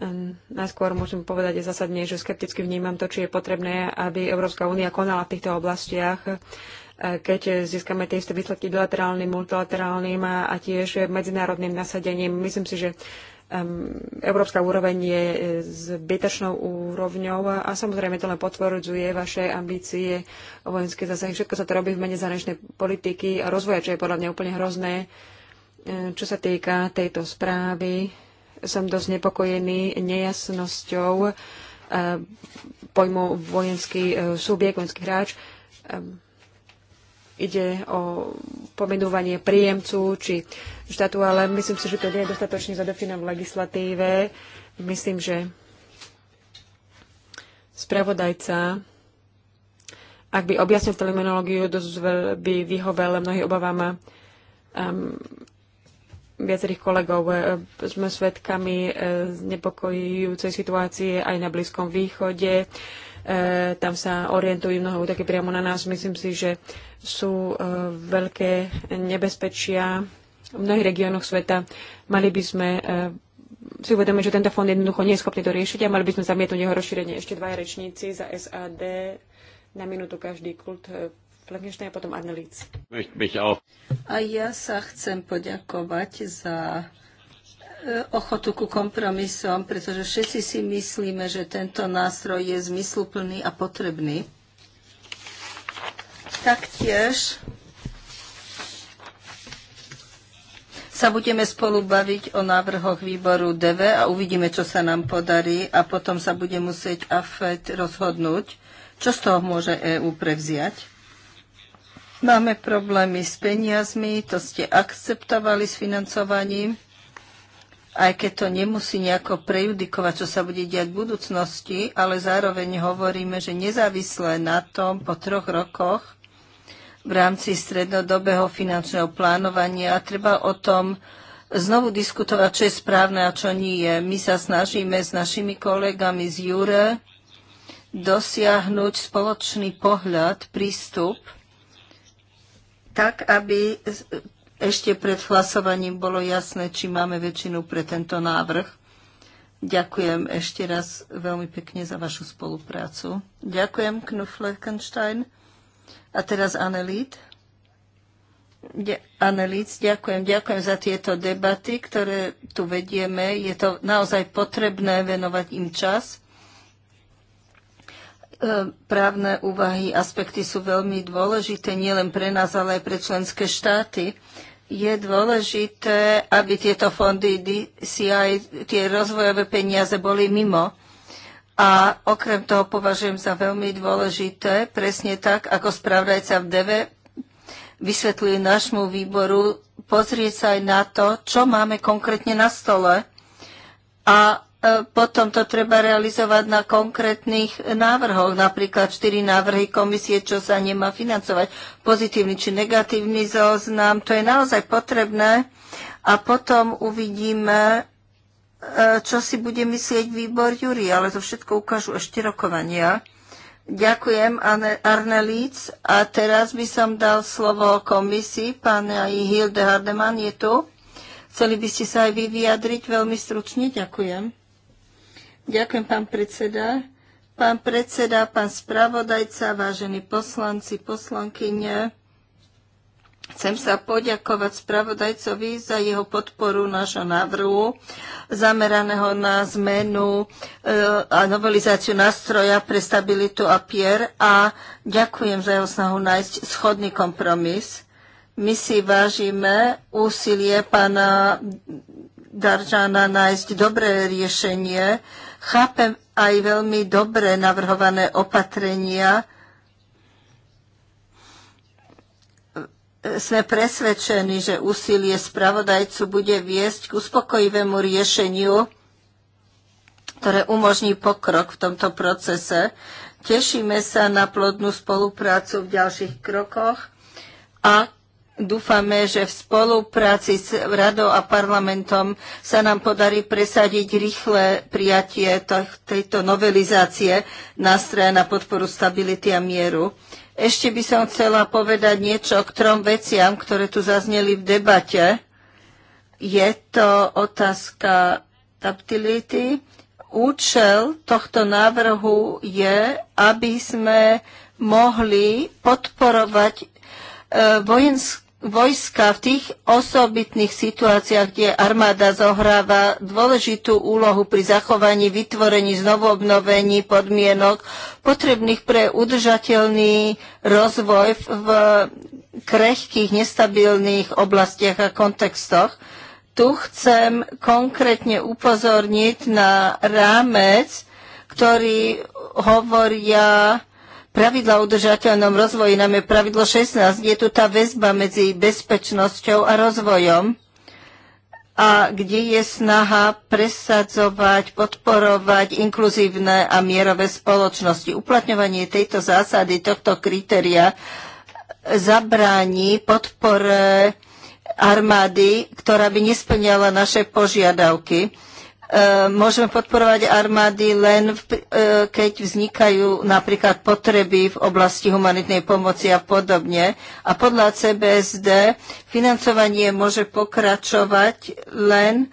Ehm, najskôr môžem povedať zásadne, že skepticky vnímam to, či je potrebné, aby Európska únia konala v týchto oblastiach, e, keď získame tie isté výsledky bilaterálnym, multilaterálnym a tiež medzinárodným nasadením. Myslím si, že ehm, európska úroveň je e, zbytočnou úrovňou a samozrejme to len potvrdzuje vaše ambície vojenské zásahy. Všetko sa to robí v mene zahraničnej politiky a rozvoja, čo je podľa mňa úplne hrozné. Čo sa týka tejto správy, som dosť nepokojený nejasnosťou eh, pojmu vojenský eh, subjekt, vojenský hráč. Ide o pomenovanie príjemcu či štátu, ale myslím si, že to nie je dostatočne zadefinované v legislatíve. Myslím, že spravodajca, ak by objasnil terminológiu, dosť by vyhovel mnohým obavám viacerých kolegov e, sme svedkami e, znepokojujúcej situácie aj na Blízkom východe. E, tam sa orientujú mnoho také priamo na nás. Myslím si, že sú veľké nebezpečia v mnohých regiónoch sveta. Mali by sme si uvedomiť, že tento fond jednoducho nie je schopný to riešiť a mali by sme zamietnúť jeho rozšírenie. Ešte dvaja rečníci za SAD na minútu každý kult. Fleckenstein a potom Annelies. A ja sa chcem poďakovať za e, ochotu ku kompromisom, pretože všetci si myslíme, že tento nástroj je zmysluplný a potrebný. Taktiež sa budeme spolu baviť o návrhoch výboru DV a uvidíme, čo sa nám podarí a potom sa bude musieť AFED rozhodnúť, čo z toho môže EÚ prevziať. Máme problémy s peniazmi, to ste akceptovali s financovaním, aj keď to nemusí nejako prejudikovať, čo sa bude diať v budúcnosti, ale zároveň hovoríme, že nezávisle na tom po troch rokoch v rámci strednodobého finančného plánovania treba o tom znovu diskutovať, čo je správne a čo nie je. My sa snažíme s našimi kolegami z Jure dosiahnuť spoločný pohľad, prístup tak aby ešte pred hlasovaním bolo jasné, či máme väčšinu pre tento návrh. Ďakujem ešte raz veľmi pekne za vašu spoluprácu. Ďakujem, Knuf Fleckenstein. A teraz Annelied. Annelied, ďakujem. Ďakujem za tieto debaty, ktoré tu vedieme. Je to naozaj potrebné venovať im čas E, právne úvahy, aspekty sú veľmi dôležité nielen pre nás, ale aj pre členské štáty. Je dôležité, aby tieto fondy, si aj tie rozvojové peniaze boli mimo. A okrem toho považujem za veľmi dôležité, presne tak, ako spravodajca v DV vysvetľuje nášmu výboru, pozrieť sa aj na to, čo máme konkrétne na stole a E, potom to treba realizovať na konkrétnych návrhoch, napríklad štyri návrhy komisie, čo sa nemá financovať, pozitívny či negatívny zoznam, to je naozaj potrebné a potom uvidíme, e, čo si bude myslieť výbor Júri, ale to všetko ukážu ešte rokovania. Ďakujem, Arne Líc. A teraz by som dal slovo komisii. Pán Hilde Hardeman je tu. Chceli by ste sa aj vy vyjadriť veľmi stručne? Ďakujem. Ďakujem, pán predseda. Pán predseda, pán spravodajca, vážení poslanci, poslankyne, chcem sa poďakovať spravodajcovi za jeho podporu nášho návrhu zameraného na zmenu eh, a novelizáciu nástroja pre stabilitu a pier a ďakujem za jeho snahu nájsť schodný kompromis. My si vážime úsilie pána Daržana nájsť dobré riešenie, Chápem aj veľmi dobre navrhované opatrenia. Sme presvedčení, že úsilie spravodajcu bude viesť k uspokojivému riešeniu, ktoré umožní pokrok v tomto procese. Tešíme sa na plodnú spoluprácu v ďalších krokoch a Dúfame, že v spolupráci s radou a parlamentom sa nám podarí presadiť rýchle prijatie tejto novelizácie nástroja na podporu stability a mieru. Ešte by som chcela povedať niečo k trom veciam, ktoré tu zazneli v debate. Je to otázka stability. Účel tohto návrhu je, aby sme mohli podporovať e, vojenské vojska v tých osobitných situáciách, kde armáda zohráva dôležitú úlohu pri zachovaní, vytvorení, znovuobnovení podmienok potrebných pre udržateľný rozvoj v krehkých, nestabilných oblastiach a kontextoch. Tu chcem konkrétne upozorniť na rámec, ktorý hovoria pravidla o udržateľnom rozvoji, nám je pravidlo 16, je tu tá väzba medzi bezpečnosťou a rozvojom a kde je snaha presadzovať, podporovať inkluzívne a mierové spoločnosti. Uplatňovanie tejto zásady, tohto kritéria zabráni podpore armády, ktorá by nesplňala naše požiadavky. E, môžeme podporovať armády len v, e, keď vznikajú napríklad potreby v oblasti humanitnej pomoci a podobne. A podľa CBSD financovanie môže pokračovať len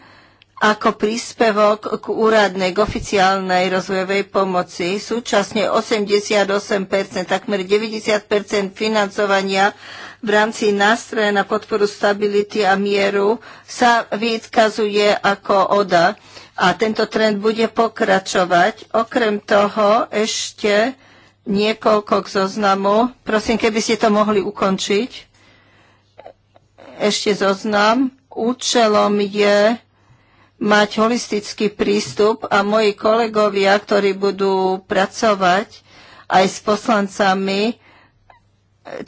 ako príspevok k úradnej, k oficiálnej rozvojovej pomoci. Súčasne 88%, takmer 90% financovania v rámci nástroja na podporu stability a mieru sa vykazuje ako ODA a tento trend bude pokračovať. Okrem toho ešte niekoľko k zoznamu. Prosím, keby ste to mohli ukončiť. Ešte zoznam. Účelom je mať holistický prístup a moji kolegovia, ktorí budú pracovať aj s poslancami,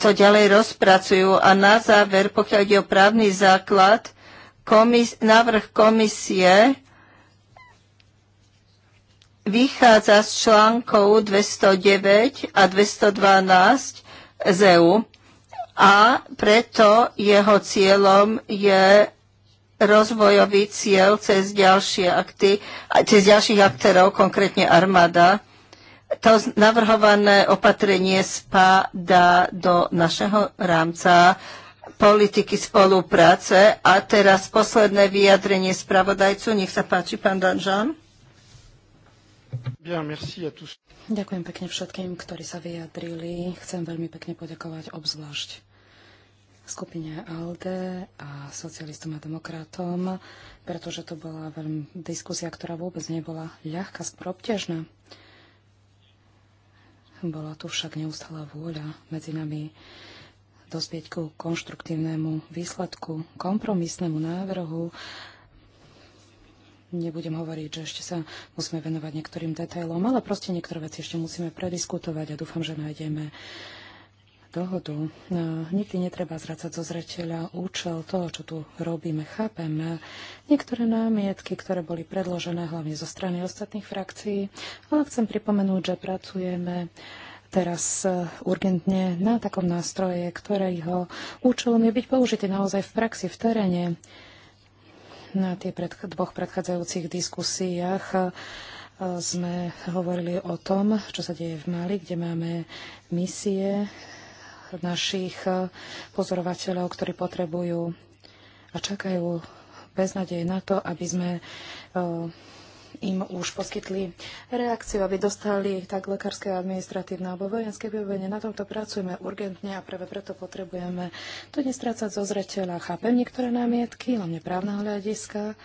to ďalej rozpracujú. A na záver, pokiaľ ide o právny základ, komis- návrh komisie vychádza z článkov 209 a 212 z EU a preto jeho cieľom je rozvojový cieľ cez ďalšie akty, cez ďalších aktérov, konkrétne armáda. To navrhované opatrenie spada do našeho rámca politiky spolupráce. A teraz posledné vyjadrenie spravodajcu. Nech sa páči, pán Danžan. Ďakujem pekne všetkým, ktorí sa vyjadrili. Chcem veľmi pekne poďakovať obzvlášť skupine ALDE a socialistom a demokratom, pretože to bola veľmi diskusia, ktorá vôbec nebola ľahká, probtežná. Bola tu však neustála vôľa medzi nami dospieť ku konštruktívnemu výsledku, kompromisnému návrhu. Nebudem hovoriť, že ešte sa musíme venovať niektorým detailom, ale proste niektoré veci ešte musíme prediskutovať a dúfam, že nájdeme dohodu. E, nikdy netreba zracať zo zreteľa účel toho, čo tu robíme. chápeme niektoré námietky, ktoré boli predložené hlavne zo strany ostatných frakcií, ale chcem pripomenúť, že pracujeme teraz e, urgentne na takom nástroje, ktorého účelom je byť použitý naozaj v praxi, v teréne. Na tie pred, dvoch predchádzajúcich diskusiách e, sme hovorili o tom, čo sa deje v Mali, kde máme misie našich e, pozorovateľov, ktorí potrebujú a čakajú beznadej na to, aby sme e, im už poskytli reakciu, aby dostali tak lekárske, administratívne alebo vojenské vybavenie. Na tomto pracujeme urgentne a práve preto potrebujeme to nestrácať zo zreteľa. Chápem niektoré námietky, hlavne právna hľadiska,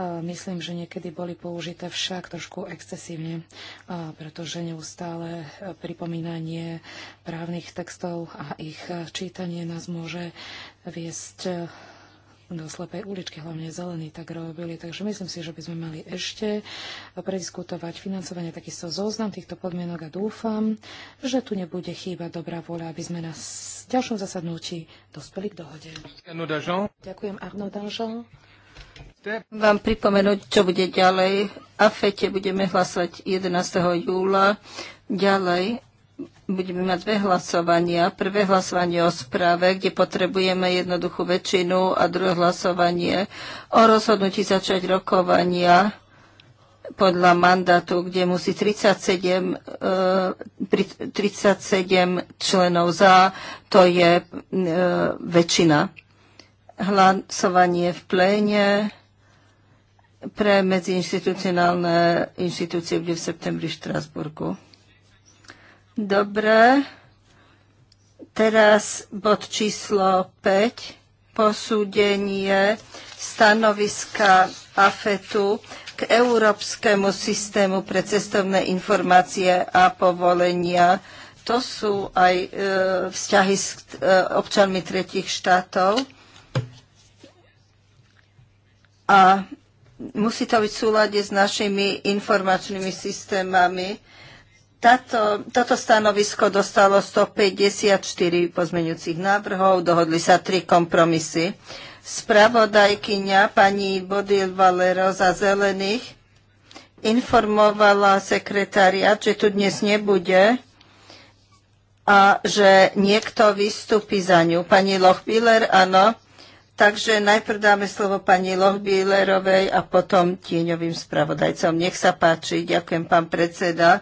E, myslím, že niekedy boli použité však trošku excesívne, e, pretože neustále e, pripomínanie právnych textov a ich čítanie nás môže viesť do slepej uličky, hlavne zelení tak robili. Takže myslím si, že by sme mali ešte prediskutovať financovanie takisto zoznam týchto podmienok a dúfam, že tu nebude chýba dobrá vôľa, aby sme na ďalšom zasadnutí dospeli k dohode. Ďakujem Arno Danžan. Vám pripomenúť, čo bude ďalej. A fete budeme hlasovať 11. júla. Ďalej budeme mať dve hlasovania. Prvé hlasovanie o správe, kde potrebujeme jednoduchú väčšinu a druhé hlasovanie o rozhodnutí začať rokovania podľa mandátu, kde musí 37, e, 37 členov za, to je e, väčšina. Hlasovanie v pléne pre medziinstitucionálne inštitúcie bude v septembri v Štrásburgu. Dobre. Teraz bod číslo 5. Posúdenie stanoviska AFETu k Európskemu systému pre cestovné informácie a povolenia. To sú aj e, vzťahy s e, občanmi tretich štátov. A musí to byť v súlade s našimi informačnými systémami. Tato toto stanovisko dostalo 154 pozmeňujúcich návrhov, dohodli sa tri kompromisy. Spravodajkyňa pani Bodil Valero za zelených informovala sekretariat, že tu dnes nebude a že niekto vystúpi za ňu. Pani Lochbiller, áno. Takže najprv dáme slovo pani Lohbílerovej a potom tieňovým spravodajcom. Nech sa páči, ďakujem pán predseda.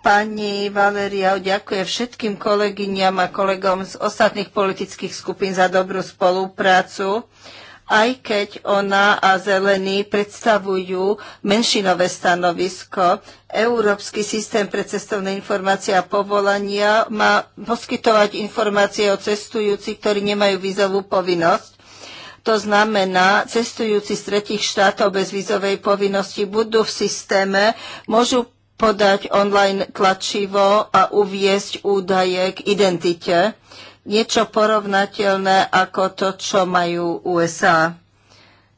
Pani Valeria, ďakujem všetkým kolegyňam a kolegom z ostatných politických skupín za dobrú spoluprácu aj keď ona a zelení predstavujú menšinové stanovisko. Európsky systém pre cestovné informácie a povolania má poskytovať informácie o cestujúcich, ktorí nemajú vízovú povinnosť. To znamená, cestujúci z tretich štátov bez vízovej povinnosti budú v systéme, môžu podať online tlačivo a uviesť údaje k identite. Niečo porovnateľné ako to, čo majú USA.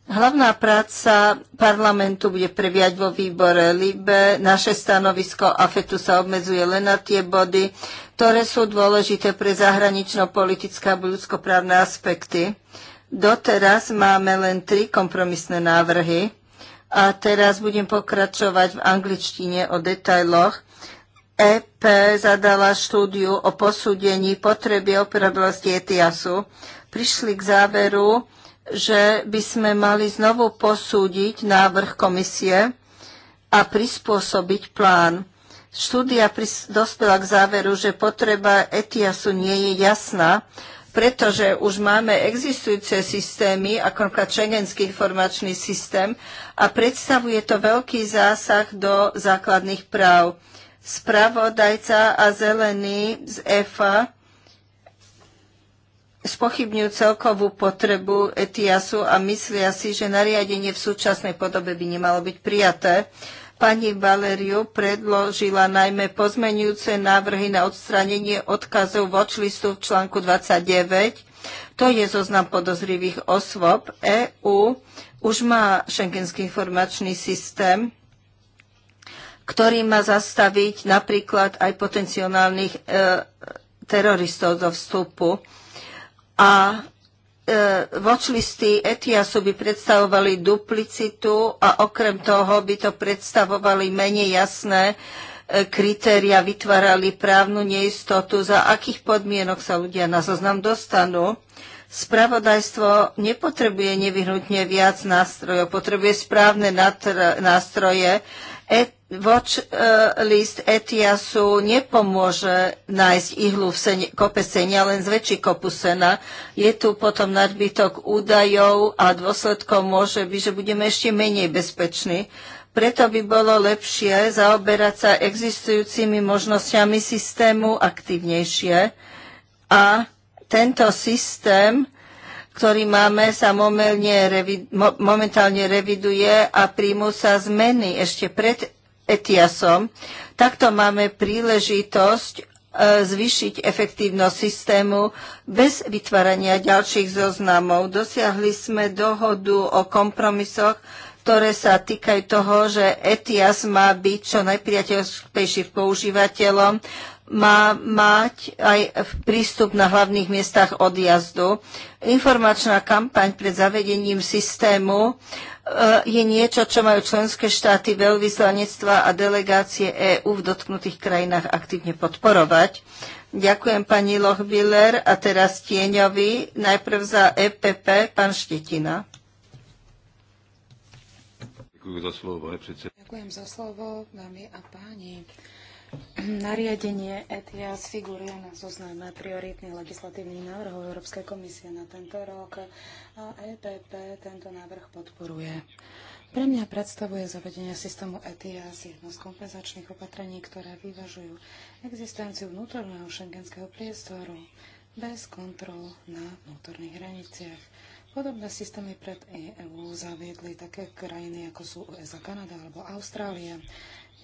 Hlavná práca parlamentu bude previať vo výbore LIBE. Naše stanovisko AFETu sa obmedzuje len na tie body, ktoré sú dôležité pre zahranično-politické a ľudskoprávne aspekty. Doteraz máme len tri kompromisné návrhy a teraz budem pokračovať v angličtine o detailoch. EP zadala štúdiu o posúdení potreby operabilosti ETIASu. Prišli k záveru, že by sme mali znovu posúdiť návrh komisie a prispôsobiť plán. Štúdia dospela k záveru, že potreba ETIASu nie je jasná pretože už máme existujúce systémy, ako napríklad Schengenský informačný systém a predstavuje to veľký zásah do základných práv. Spravodajca a zelený z EFA spochybňujú celkovú potrebu ETIASu a myslia si, že nariadenie v súčasnej podobe by nemalo byť prijaté. Pani Valeriu predložila najmä pozmenujúce návrhy na odstránenie odkazov watchlistu v článku 29. To je zoznam podozrivých osôb. EÚ už má šengenský informačný systém, ktorý má zastaviť napríklad aj potenciálnych e, teroristov do vstupu. A E, watchlisty ETIASu by predstavovali duplicitu a okrem toho by to predstavovali menej jasné e, kritéria, vytvárali právnu neistotu, za akých podmienok sa ľudia na zoznam dostanú. Spravodajstvo nepotrebuje nevyhnutne viac nástrojov, potrebuje správne nástroje, Et, watch uh, list Etiasu nepomôže nájsť ihlu v sene, kope senia, len zväčší kopu sena. Je tu potom nadbytok údajov a dôsledkom môže byť, že budeme ešte menej bezpeční. Preto by bolo lepšie zaoberať sa existujúcimi možnosťami systému aktívnejšie a tento systém ktorý máme, sa revid, momentálne reviduje a príjmu sa zmeny ešte pred ETIASom. Takto máme príležitosť e, zvyšiť efektívnosť systému bez vytvárania ďalších zoznamov. Dosiahli sme dohodu o kompromisoch, ktoré sa týkajú toho, že ETIAS má byť čo najpriateľskejší používateľom, má mať aj prístup na hlavných miestach odjazdu. Informačná kampaň pred zavedením systému eh, je niečo, čo majú členské štáty, veľvyslanectva a delegácie EÚ v dotknutých krajinách aktívne podporovať. Ďakujem pani Lochbiller a teraz Tieňovi, najprv za EPP, pán Štetina. Ďakujem za slovo, Ďakujem za slovo, dámy a páni. Nariadenie ETIAS figuruje na zozname prioritných legislatívnych návrhov Európskej komisie na tento rok a EPP tento návrh podporuje. Pre mňa predstavuje zavedenie systému ETIAS jedno z kompenzačných opatrení, ktoré vyvažujú existenciu vnútorného šengenského priestoru bez kontrol na vnútorných hraniciach. Podobné systémy pred EU zaviedli také krajiny, ako sú USA, Kanada alebo Austrália.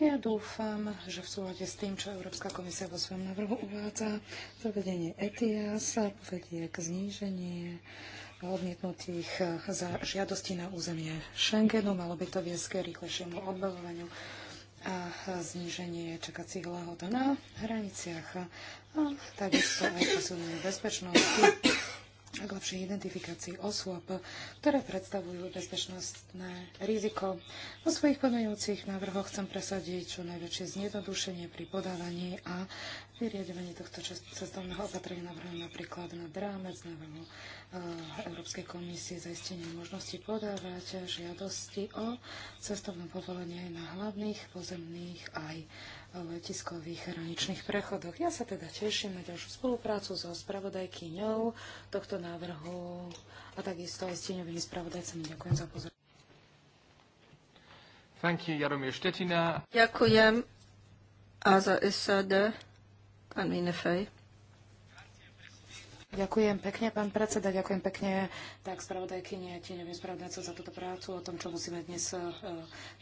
Ja dúfam, že v súlade s tým, čo Európska komisia vo svojom návrhu uvádza, zavedenie ETIAS povedie k zníženie odmietnutých za žiadosti na územie Schengenu. Malo by to viesť k rýchlejšiemu odbavovaniu a zníženie čakacích lehot na hraniciach a takisto aj posilnenie bezpečnosti k lepšej identifikácii osôb, ktoré predstavujú bezpečnostné riziko. Vo svojich podmenujúcich návrhoch chcem presadiť čo najväčšie zjednodušenie pri podávaní a Vyriadovanie tohto cestovného opatrenia navrhujem napríklad na drámec návrhu eh, Európskej komisie zaistenie možnosti podávať žiadosti o cestovné povolenie aj na hlavných pozemných aj letiskových hraničných prechodoch. Ja sa teda teším na ďalšiu spoluprácu so spravodajkyňou tohto návrhu a takisto aj s spravodajcami. Ďakujem za pozornosť. Ďakujem. A za SAD Pán Minefej. Ďakujem pekne, pán predseda, ďakujem pekne tak spravodajkyne, tieňovým spravodajcom za túto prácu. O tom, čo musíme dnes e,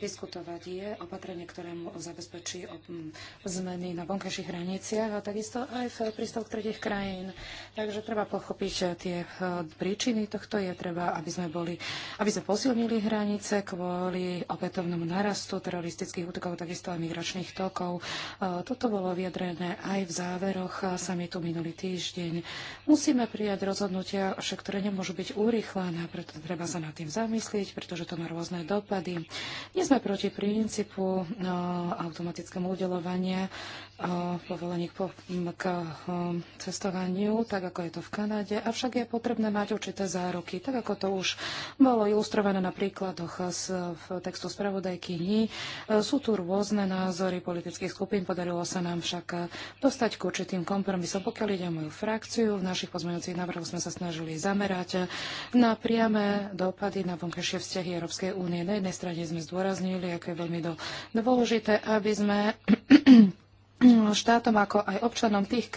diskutovať, je opatrenie, ktoré zabezpečí zmeny na vonkajších hraniciach a takisto aj v prístav tretich krajín. Takže treba pochopiť tie e, príčiny tohto. Je treba, aby sme, boli, aby sme posilnili hranice kvôli opätovnom narastu teroristických útokov, takisto aj migračných tokov. E, toto bolo vyjadrené aj v záveroch samitu minulý týždeň. Musí Musíme prijať rozhodnutia, však ktoré nemôžu byť urýchlené, preto treba sa nad tým zamyslieť, pretože to má rôzne dopady. Nie sme proti princípu no, automatickému udelovania povolení k, k cestovaniu, tak ako je to v Kanade, avšak je potrebné mať určité zároky, tak ako to už bolo ilustrované na príkladoch z v textu Ní. E, sú tu rôzne názory politických skupín, podarilo sa nám však e, dostať k určitým kompromisom. Pokiaľ ide o moju frakciu, v našich pozmeňujúcich návrhov sme sa snažili zamerať na priame dopady na vonkajšie vzťahy Európskej únie. Na jednej strane sme zdôraznili, ako je veľmi dôležité, aby sme štátom, ako aj občanom tých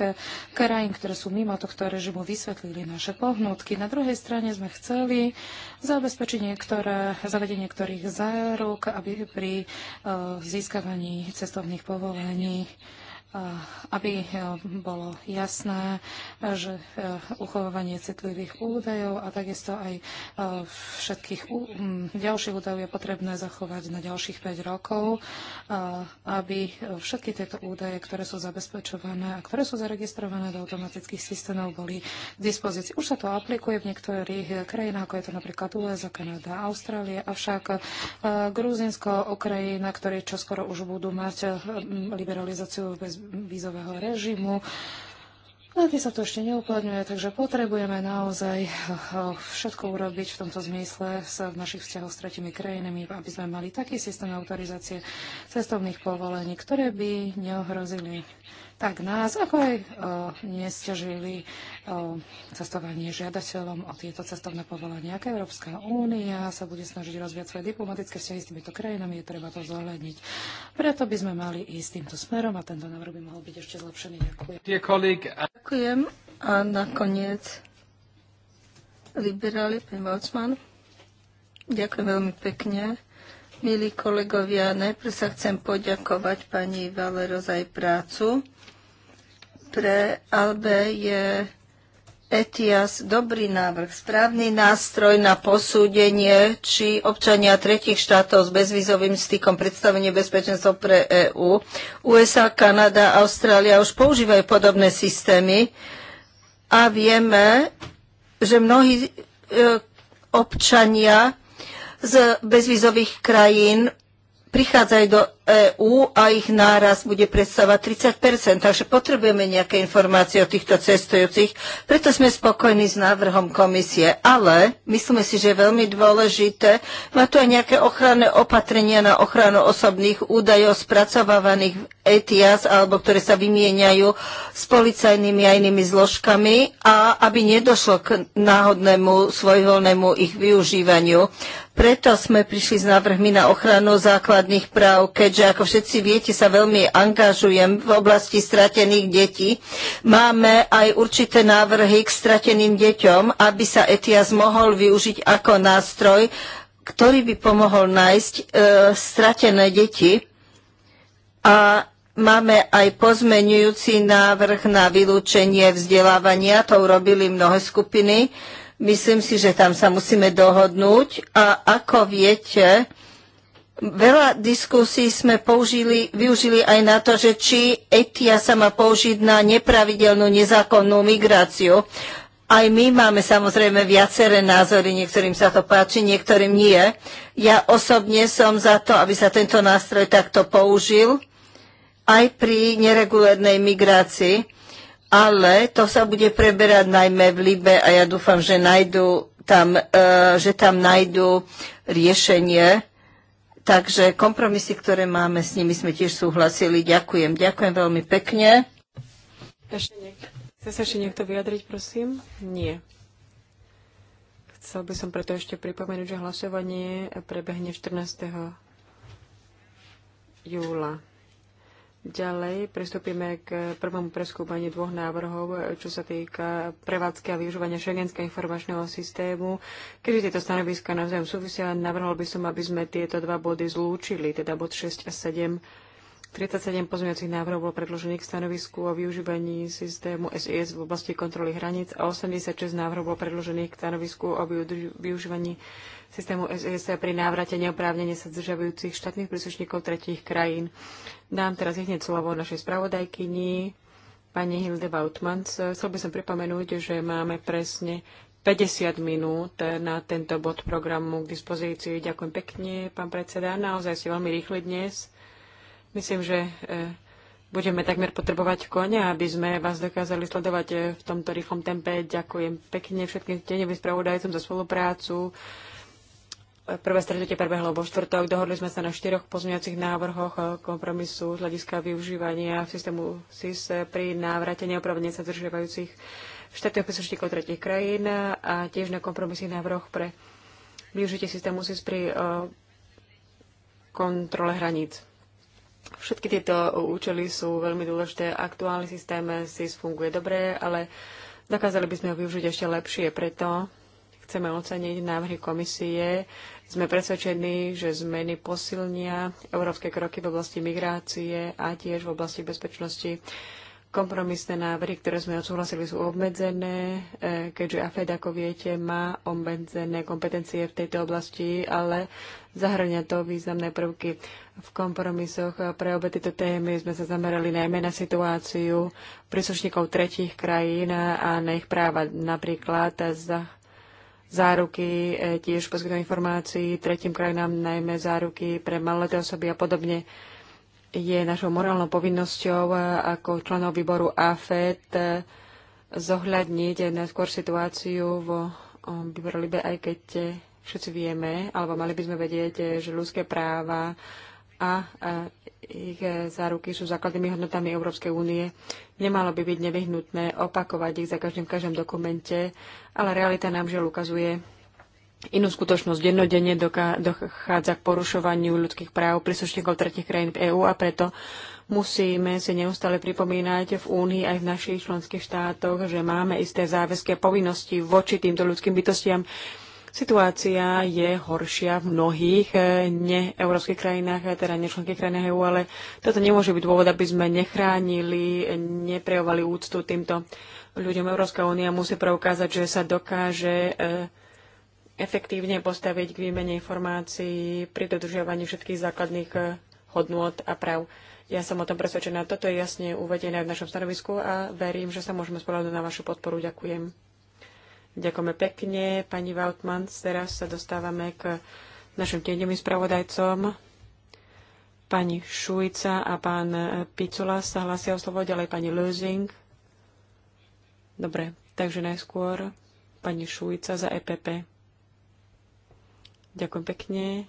krajín, ktoré sú mimo tohto režimu, vysvetlili naše pohnutky. Na druhej strane sme chceli zabezpečiť niektoré, zavedenie niektorých záruk, aby pri uh, získavaní cestovných povolení uh, Eh, aby eh, bolo jasné, eh, že uchovávanie citlivých údajov a takisto aj všetkých hm, ďalších údajov je potrebné zachovať na ďalších 5 rokov, aby všetky tieto údaje, ktoré sú zabezpečované a ktoré sú zaregistrované do automatických systémov, boli k dispozícii. Už sa to aplikuje v niektorých krajinách, ako je to napríklad USA, Kanada, Austrália, avšak Gruzinsko, Ukrajina, ktoré čoskoro už budú mať liberalizáciu bez vízového režimu. Na tie sa to ešte neuplatňuje, takže potrebujeme naozaj eh, eh, všetko urobiť v tomto zmysle v našich vzťahoch s tretimi krajinami, aby sme mali taký systém autorizácie cestovných povolení, ktoré by neohrozili tak nás, ako aj e, nestežili o, e, cestovanie žiadateľom o tieto cestovné povolenia. Aká Európska únia sa bude snažiť rozviať svoje diplomatické vzťahy s týmito krajinami, je treba to zohľadniť. Preto by sme mali ísť týmto smerom a tento návrh by mohol byť ešte zlepšený. Ďakujem. Uh, Ďakujem. A nakoniec liberáli, pán Valcman. Ďakujem veľmi pekne. Milí kolegovia, najprv sa chcem poďakovať pani Valero za jej prácu pre Albe je ETIAS dobrý návrh, správny nástroj na posúdenie, či občania tretich štátov s bezvizovým stykom predstavenie bezpečenstvo pre EÚ. USA, Kanada, Austrália už používajú podobné systémy a vieme, že mnohí e, občania z bezvizových krajín prichádzajú do EÚ a ich náraz bude predstavať 30 takže potrebujeme nejaké informácie o týchto cestujúcich. Preto sme spokojní s návrhom komisie, ale myslíme si, že je veľmi dôležité má tu aj nejaké ochranné opatrenia na ochranu osobných údajov spracovávaných v ETIAS alebo ktoré sa vymieňajú s policajnými a inými zložkami a aby nedošlo k náhodnému svojvoľnému ich využívaniu. Preto sme prišli s návrhmi na ochranu základných práv, keďže ako všetci viete, sa veľmi angažujem v oblasti stratených detí. Máme aj určité návrhy k strateným deťom, aby sa ETIAS mohol využiť ako nástroj, ktorý by pomohol nájsť e, stratené deti. A máme aj pozmenujúci návrh na vylúčenie vzdelávania, to urobili mnohé skupiny. Myslím si, že tam sa musíme dohodnúť a ako viete, Veľa diskusí sme použili, využili aj na to, že či ETIA sa má použiť na nepravidelnú, nezákonnú migráciu. Aj my máme samozrejme viaceré názory, niektorým sa to páči, niektorým nie. Ja osobne som za to, aby sa tento nástroj takto použil aj pri neregulérnej migrácii ale to sa bude preberať najmä v Libe a ja dúfam, že, nájdu tam, e, že tam nájdu riešenie. Takže kompromisy, ktoré máme, s nimi sme tiež súhlasili. Ďakujem. Ďakujem veľmi pekne. Ešte niekto. Chce sa ešte niekto vyjadriť, prosím? Nie. Chcel by som preto ešte pripomenúť, že hlasovanie prebehne 14. júla. Ďalej pristúpime k prvomu preskúpaniu dvoch návrhov, čo sa týka prevádzky a využívania šengenského informačného systému. Keďže tieto stanoviska navzájom súvisia, navrhol by som, aby sme tieto dva body zlúčili, teda bod 6 a 7. 37 pozmeňujúcich návrhov bolo predložených k stanovisku o využívaní systému SIS v oblasti kontroly hraníc a 86 návrhov bolo predložených k stanovisku o využívaní systému SIS e pri návrate neoprávnene sa zdržavujúcich štátnych príslušníkov tretích krajín. Dám teraz hneď slovo našej spravodajkyni, pani Hilde Bautmans. Chcel by som pripomenúť, že máme presne 50 minút na tento bod programu k dispozícii. Ďakujem pekne, pán predseda. Naozaj si veľmi rýchli dnes. Myslím, že e, budeme takmer potrebovať konia, aby sme vás dokázali sledovať e, v tomto rýchlom tempe. Ďakujem pekne všetkým tenevým spravodajcom za spoluprácu, Prvé stretnutie prebehlo vo štvrtok. Dohodli sme sa na štyroch pozmeňovacích návrhoch eh, kompromisu z hľadiska využívania v systému SIS pri návrate neopravne sa zdržiavajúcich štátnych príslušníkov tretich krajín a tiež na kompromisných návrhoch pre využitie systému SIS pri eh, kontrole hraníc. Všetky tieto účely sú veľmi dôležité. Aktuálny systém SIS funguje dobre, ale dokázali by sme ho využiť ešte lepšie. Preto Chceme oceniť návrhy komisie. Sme presvedčení, že zmeny posilnia európske kroky v oblasti migrácie a tiež v oblasti bezpečnosti. Kompromisné návrhy, ktoré sme odsúhlasili, sú obmedzené, e, keďže AFED, ako viete, má obmedzené kompetencie v tejto oblasti, ale zahrania to významné prvky. V kompromisoch pre obe tieto témy sme sa zamerali najmä na situáciu príslušníkov tretích krajín a na ich práva. Napríklad za záruky, e, tiež poskytujú informácií tretím krajinám, najmä záruky pre maloleté osoby a podobne. Je našou morálnou povinnosťou e, ako členov výboru AFET e, zohľadniť najskôr situáciu vo výboru Libe, aj keď všetci vieme, alebo mali by sme vedieť, že ľudské práva a ich záruky sú základnými hodnotami Európskej únie. Nemalo by byť nevyhnutné opakovať ich za každým každom dokumente, ale realita nám žiaľ ukazuje inú skutočnosť. Dennodenne dochádza k porušovaniu ľudských práv príslušníkov tretich krajín v EÚ a preto musíme si neustále pripomínať v Únii aj v našich členských štátoch, že máme isté záväzky a povinnosti voči týmto ľudským bytostiam. Situácia je horšia v mnohých eh, neeurópskych krajinách, eh, teda nečlenských krajinách EU, ale toto nemôže byť dôvod, aby sme nechránili, eh, neprejovali úctu týmto ľuďom. Európska únia musí preukázať, že sa dokáže efektívne postaviť k výmene informácií pri dodržiavaní všetkých základných hodnôt a práv. Ja som o tom presvedčená. Toto je jasne uvedené v našom stanovisku a verím, že sa môžeme spolahnúť na vašu podporu. Ďakujem. Ďakujeme pekne. Pani Vautman, teraz sa dostávame k našim tieňovým spravodajcom. Pani Šujca a pán Picula sa hlasia o slovo, ďalej pani Lusing. Dobre, takže najskôr pani Šujca za EPP. Ďakujem pekne.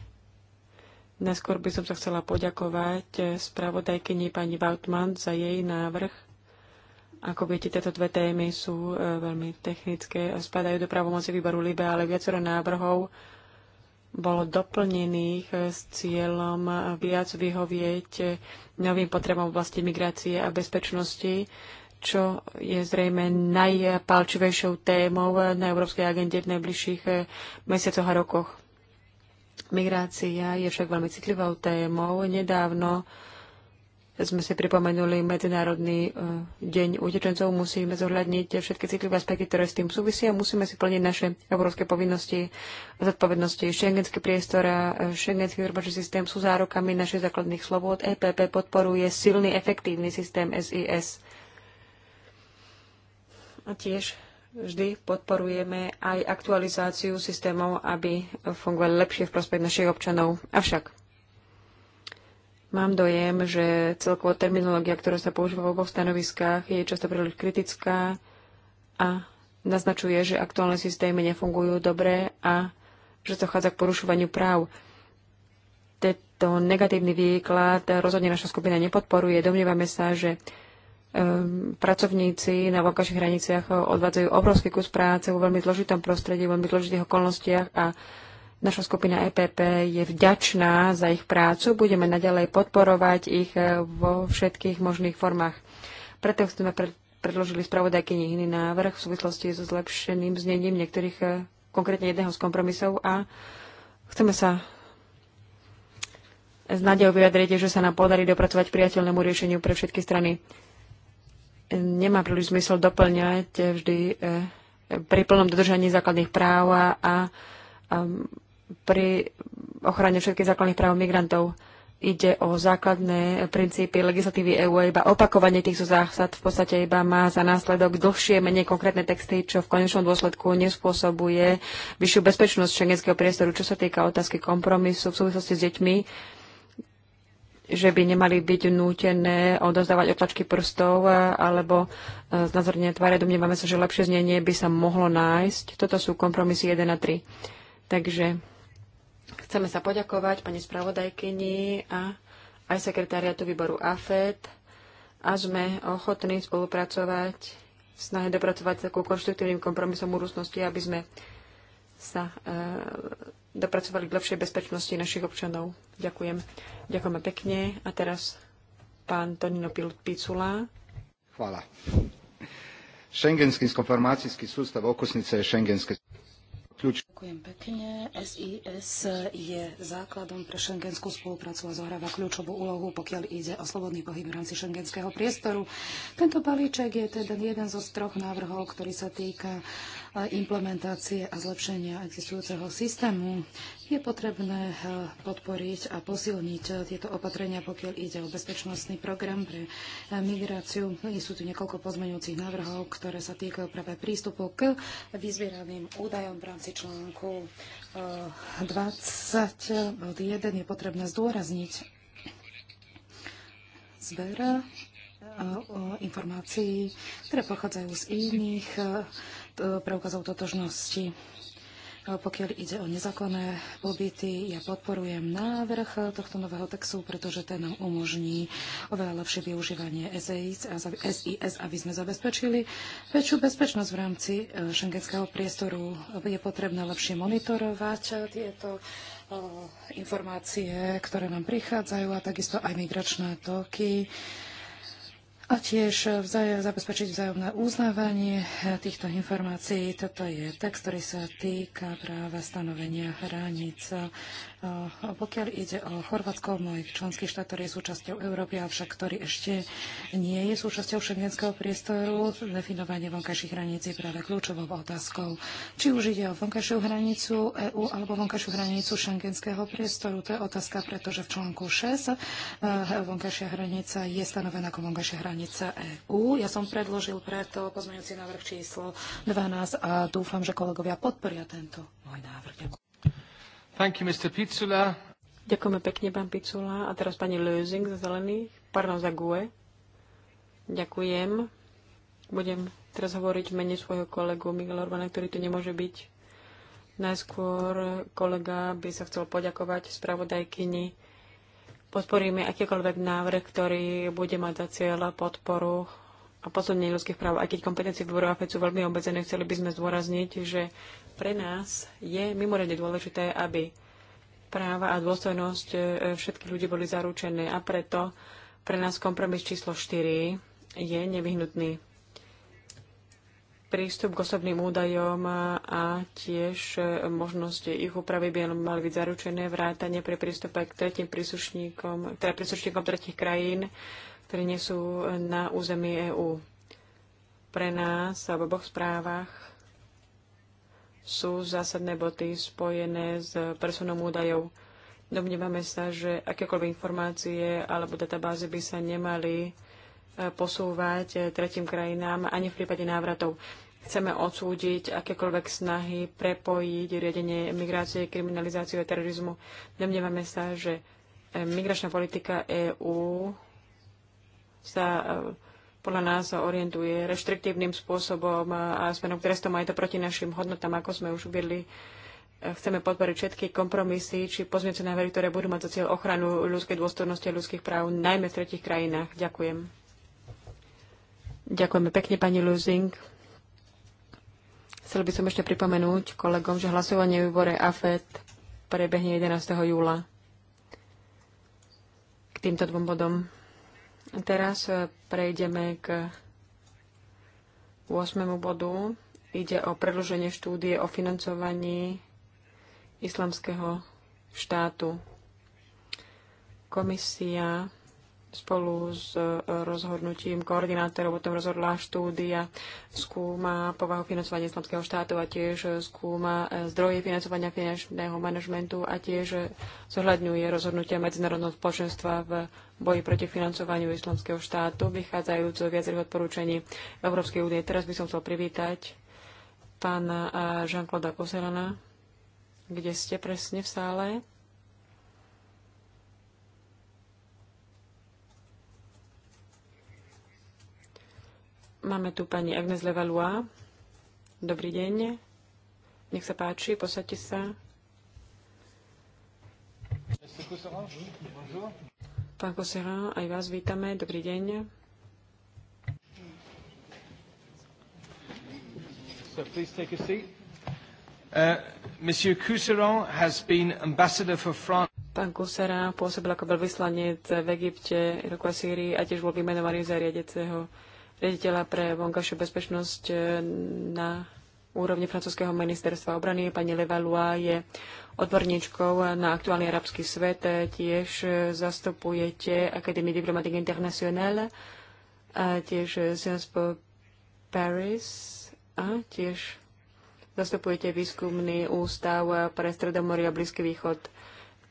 Najskôr by som sa chcela poďakovať spravodajkyni pani Vautman za jej návrh ako viete, tieto dve témy sú e, veľmi technické a spadajú do právomoci výboru LIBE, ale viacero návrhov bolo doplnených e, s cieľom e, viac vyhovieť novým potrebom v oblasti migrácie a bezpečnosti, čo je zrejme najpalčivejšou témou na európskej agende v najbližších mesiacoch a rokoch. Migrácia je však veľmi citlivou témou. Nedávno sme si pripomenuli Medzinárodný e, deň utečencov, musíme zohľadniť všetky citlivé aspekty, ktoré s tým súvisia. Musíme si plniť naše európske povinnosti, zodpovednosti. Schengenský priestor a Schengenský verbačný systém sú zárokami našich základných slobod. EPP podporuje silný, efektívny systém SIS. A tiež vždy podporujeme aj aktualizáciu systémov, aby fungovali lepšie v prospech našich občanov. Avšak Mám dojem, že celková terminológia, ktorá sa používa vo stanoviskách, je často príliš kritická a naznačuje, že aktuálne systémy nefungujú dobre a že chádza k porušovaniu práv. Tento negatívny výklad rozhodne naša skupina nepodporuje. Domnievame sa, že um, pracovníci na vonkajších hraniciach odvádzajú obrovský kus práce vo veľmi zložitom prostredí, vo veľmi zložitých okolnostiach a Naša skupina EPP je vďačná za ich prácu, budeme naďalej podporovať ich eh, vo všetkých možných formách. Preto sme predložili spravodajkyni iný návrh v súvislosti so zlepšeným znením niektorých, eh, konkrétne jedného z kompromisov a chceme sa s nádejou vyjadriť, že sa nám podarí dopracovať priateľnému riešeniu pre všetky strany. Nemá príliš zmysel doplňať vždy eh, pri plnom dodržaní základných práv a, a pri ochrane všetkých základných práv migrantov. Ide o základné princípy legislatívy EU, iba opakovanie týchto zásad v podstate iba má za následok dlhšie, menej konkrétne texty, čo v konečnom dôsledku nespôsobuje vyššiu bezpečnosť šengenského priestoru, čo sa týka otázky kompromisu v súvislosti s deťmi že by nemali byť nútené odozdávať otlačky prstov alebo e, znázornenie tváre. Domnievame sa, že lepšie znenie by sa mohlo nájsť. Toto sú kompromisy 1 a 3. Takže Chceme sa poďakovať pani spravodajkyni a aj sekretariatu výboru AFED a sme ochotní spolupracovať v snahe dopracovať sa ku konštruktívnym kompromisom úrusnosti, aby sme sa e, dopracovali k lepšej bezpečnosti našich občanov. Ďakujem. Ďakujeme pekne. A teraz pán Tonino Picula. Hvala. Schengenski informacijski sústav okusnice je šengenske... Ďakujem pekne. SIS je základom pre šengenskú spoluprácu a zohráva kľúčovú úlohu, pokiaľ ide o slobodný pohyb v rámci šengenského priestoru. Tento balíček je teda jeden zo troch návrhov, ktorý sa týka implementácie a zlepšenia existujúceho systému je potrebné eh, podporiť a posilniť eh, tieto opatrenia, pokiaľ ide o bezpečnostný program pre eh, migráciu. Sú tu niekoľko pozmeňujúcich návrhov, ktoré sa týkajú práve prístupu k vyzbieraným údajom v rámci článku 20 bod 1. Je potrebné zdôrazniť zber informácií, ktoré pochádzajú z iných E, preukazov totožnosti. E, pokiaľ ide o nezákonné pobyty, ja podporujem návrh e, tohto nového textu, pretože ten nám umožní oveľa lepšie využívanie SIS, aby sme zabezpečili väčšiu bezpečnosť v rámci šengenského priestoru. Je potrebné lepšie monitorovať tieto informácie, ktoré nám prichádzajú a takisto aj migračné toky a tiež vzájom, zabezpečiť vzájomné uznávanie týchto informácií. Toto je text, ktorý sa týka práve stanovenia hraníc. Pokiaľ ide o Chorvátsko, môj členský štát, ktorý je súčasťou Európy, avšak ktorý ešte nie je súčasťou šengenského priestoru, definovanie vonkajších hraníc je práve kľúčovou otázkou. Či už ide o vonkajšiu hranicu EÚ alebo vonkajšiu hranicu šengenského priestoru, to je otázka, pretože v článku 6 eh, vonkajšia hranica je stanovená ako vonkajšia hranica hranice EÚ. Ja som predložil preto pozmeňujúci návrh číslo 12 a dúfam, že kolegovia podporia tento môj návrh. Ďakujem. Thank you, Mr. Ďakujeme pekne, pán Picula. A teraz pani Lösing za zelených, pardon, za GUE. Ďakujem. Budem teraz hovoriť v mene svojho kolegu Miguel Orbana, ktorý tu nemôže byť. Najskôr kolega by sa chcel poďakovať spravodajkyni podporíme akýkoľvek návrh, ktorý bude mať za cieľ podporu a posunenie ľudských práv. Aj keď kompetencie výboru AFED sú veľmi obmedzené, chceli by sme zdôrazniť, že pre nás je mimoriadne dôležité, aby práva a dôstojnosť e, všetkých ľudí boli zaručené a preto pre nás kompromis číslo 4 je nevyhnutný prístup k osobným údajom a tiež e, možnosť ich úpravy by mali byť zaručené vrátanie pre prístupe k tretím príslušníkom, teda príslušníkom tretich krajín, ktorí nie sú na území EÚ. Pre nás v oboch správach sú zásadné boty spojené s personom údajov. Domnievame sa, že akékoľvek informácie alebo databázy by sa nemali posúvať eh, tretím krajinám ani v prípade návratov. Chceme odsúdiť akékoľvek snahy prepojiť riadenie migrácie, kriminalizáciu a terorizmu. Domnievame sa, že eh, migračná politika EÚ sa eh, podľa nás orientuje reštriktívnym spôsobom a smerom k trestom aj to proti našim hodnotám, ako sme už uviedli. Chceme podporiť všetky kompromisy či pozmiece návrhy, ktoré budú mať za cieľ ochranu ľudskej dôstojnosti a ľudských práv, najmä v tretich krajinách. Ďakujem. Ďakujeme pekne, pani Lusing. Chcel by som ešte pripomenúť kolegom, že hlasovanie výbore AFED prebehne 11. júla k týmto dvom bodom. A teraz e, prejdeme k 8. bodu. Ide o predlženie štúdie o financovaní islamského štátu. Komisia spolu s e, rozhodnutím koordinátorov o tom rozhodla štúdia, skúma povahu financovania islamského štátu a tiež skúma e, zdroje financovania finančného manažmentu a tiež zohľadňuje rozhodnutia medzinárodného spoločenstva v boji proti financovaniu islamského štátu, vychádzajúc z viacerých odporúčaní Európskej únie. Teraz by som chcel privítať pána e, Jean-Claude Kozelana. Kde ste presne v sále? Máme tu pani Agnes Levalua. Dobrý deň. Nech sa páči, posaďte sa. Pán Koserin, aj vás vítame. Dobrý deň. So please take a seat. Uh, Monsieur Cousseron has been ambassador for France. Pán Kusera pôsobil ako veľvyslanec v Egypte, Iroku a Sýrii a tiež bol vymenovaný za riadeceho riaditeľa pre vonkajšiu bezpečnosť e, na úrovni francúzského ministerstva obrany. Pani Levalua je odborníčkou na aktuálny arabský svet. E, tiež e, zastupujete Académie diplomatique internationale, a tiež Sciences Po Paris a tiež zastupujete výskumný ústav pre Stredomorie a Blízky východ.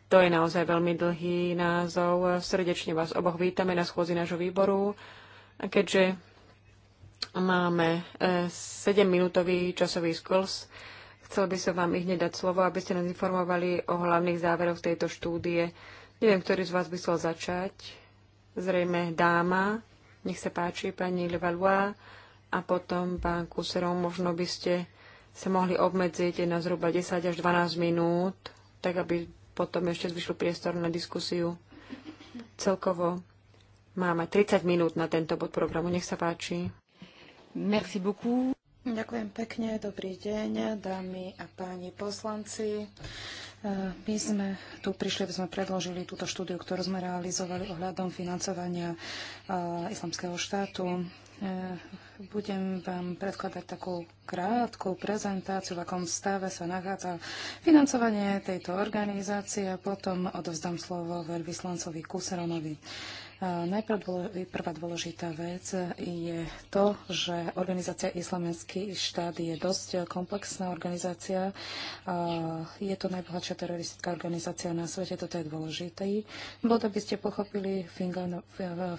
To je naozaj veľmi dlhý názov. Srdečne vás oboch vítame na schôzi nášho výboru. A keďže Máme 7-minútový e, časový skurs. Chcel by som vám ich hneď dať slovo, aby ste nás informovali o hlavných záveroch tejto štúdie. Neviem, ktorý z vás by chcel začať. Zrejme dáma. Nech sa páči, pani Levalois. A potom, pán Kuserov, možno by ste sa mohli obmedziť na zhruba 10 až 12 minút, tak aby potom ešte zvyšil priestor na diskusiu. Celkovo máme 30 minút na tento bod programu. Nech sa páči. Merci beaucoup. Ďakujem pekne, dobrý deň, dámy a páni poslanci. E, my sme tu prišli, aby sme predložili túto štúdiu, ktorú sme realizovali ohľadom financovania e, islamského štátu. E, budem vám predkladať takú krátku prezentáciu, v akom stave sa nachádza financovanie tejto organizácie a potom odovzdám slovo veľvyslancovi Kuseronovi. Najprv prvá dôležitá vec je to, že organizácia Islamenský štát je dosť komplexná organizácia. Je to najbohatšia teroristická organizácia na svete, toto je dôležité. Bolo, aby ste pochopili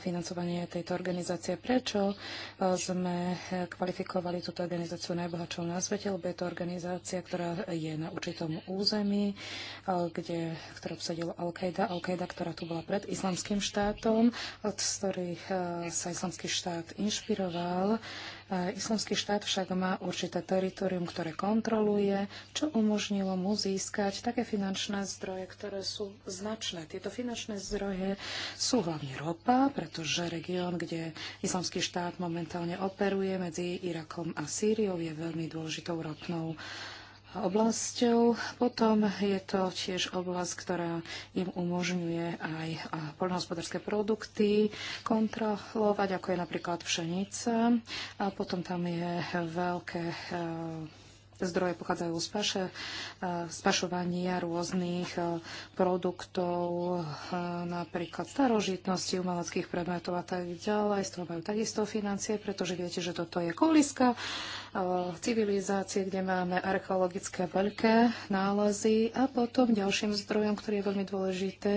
financovanie tejto organizácie. Prečo e, sme kvalifikovali túto organizáciu najbohatšou na svete, lebo je to organizácia, ktorá je na určitom území, e, kde, ktorú obsadila al qaeda al ktorá tu bola pred islamským štátom Islamom, od ktorých e, sa islamský štát inšpiroval. E, islamský štát však má určité teritorium, ktoré kontroluje, čo umožnilo mu získať také finančné zdroje, ktoré sú značné. Tieto finančné zdroje sú hlavne ropa, pretože región, kde Islamský štát momentálne operuje medzi Irakom a Sýriou, je veľmi dôležitou ropnou uh, oblasťou. Potom je to tiež oblasť, ktorá im umožňuje aj poľnohospodárske produkty kontrolovať, ako je napríklad pšenica. A potom tam je veľké e, zdroje pochádzajú z, paše, e, z pašovania rôznych e, produktov, napríklad starožitnosti, umeleckých predmetov a tak ďalej. Z toho majú takisto financie, pretože viete, že toto je koliska civilizácie, kde máme archeologické veľké nálezy. A potom ďalším zdrojom, ktorý je veľmi dôležité,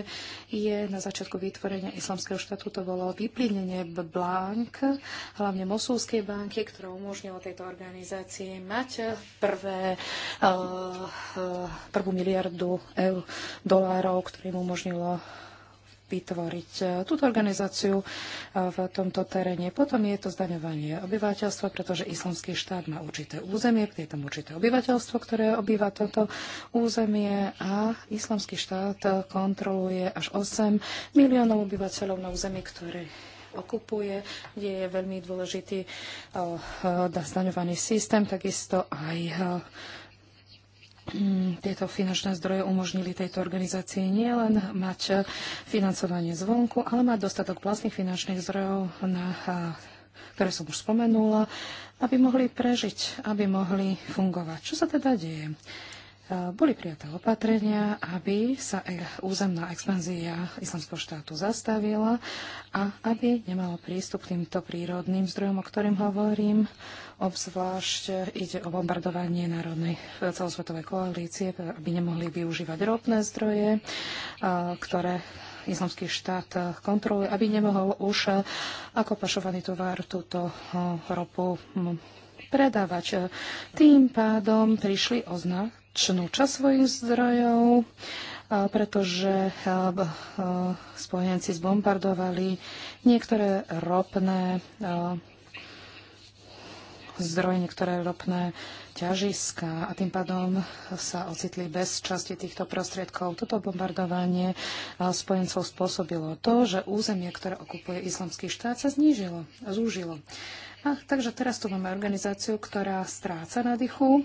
je na začiatku vytvorenia islamského štátu to bolo vyplínenie blank, hlavne Mosulskej banky, ktorá umožnila tejto organizácii mať prvé, prvú miliardu eur, dolárov, ktorým umožnilo vytvoriť e, túto organizáciu e, v tomto teréne. Potom je to zdaňovanie obyvateľstva, pretože islamský štát má určité územie, je tam určité obyvateľstvo, ktoré obýva toto územie a islamský štát e, kontroluje až 8 miliónov obyvateľov na území, ktoré okupuje, kde je veľmi dôležitý zdaňovaný systém, takisto aj tieto finančné zdroje umožnili tejto organizácii nielen mať financovanie zvonku, ale mať dostatok vlastných finančných zdrojov, na, ktoré som už spomenula, aby mohli prežiť, aby mohli fungovať. Čo sa teda deje? boli prijaté opatrenia, aby sa e- územná expanzia islamského štátu zastavila a aby nemalo prístup k týmto prírodným zdrojom, o ktorým hovorím. Obzvlášť ide o bombardovanie Národnej celosvetovej koalície, aby nemohli využívať ropné zdroje, ktoré islamský štát kontroluje, aby nemohol už ako pašovaný tovar túto ropu predávať. Tým pádom prišli oznak väčšinu časť svojich zdrojov, pretože spojenci zbombardovali niektoré ropné zdroje, niektoré ropné ťažiska a tým pádom sa ocitli bez časti týchto prostriedkov. Toto bombardovanie spojencov spôsobilo to, že územie, ktoré okupuje islamský štát, sa znížilo, zúžilo. A, takže teraz tu máme organizáciu, ktorá stráca na dychu,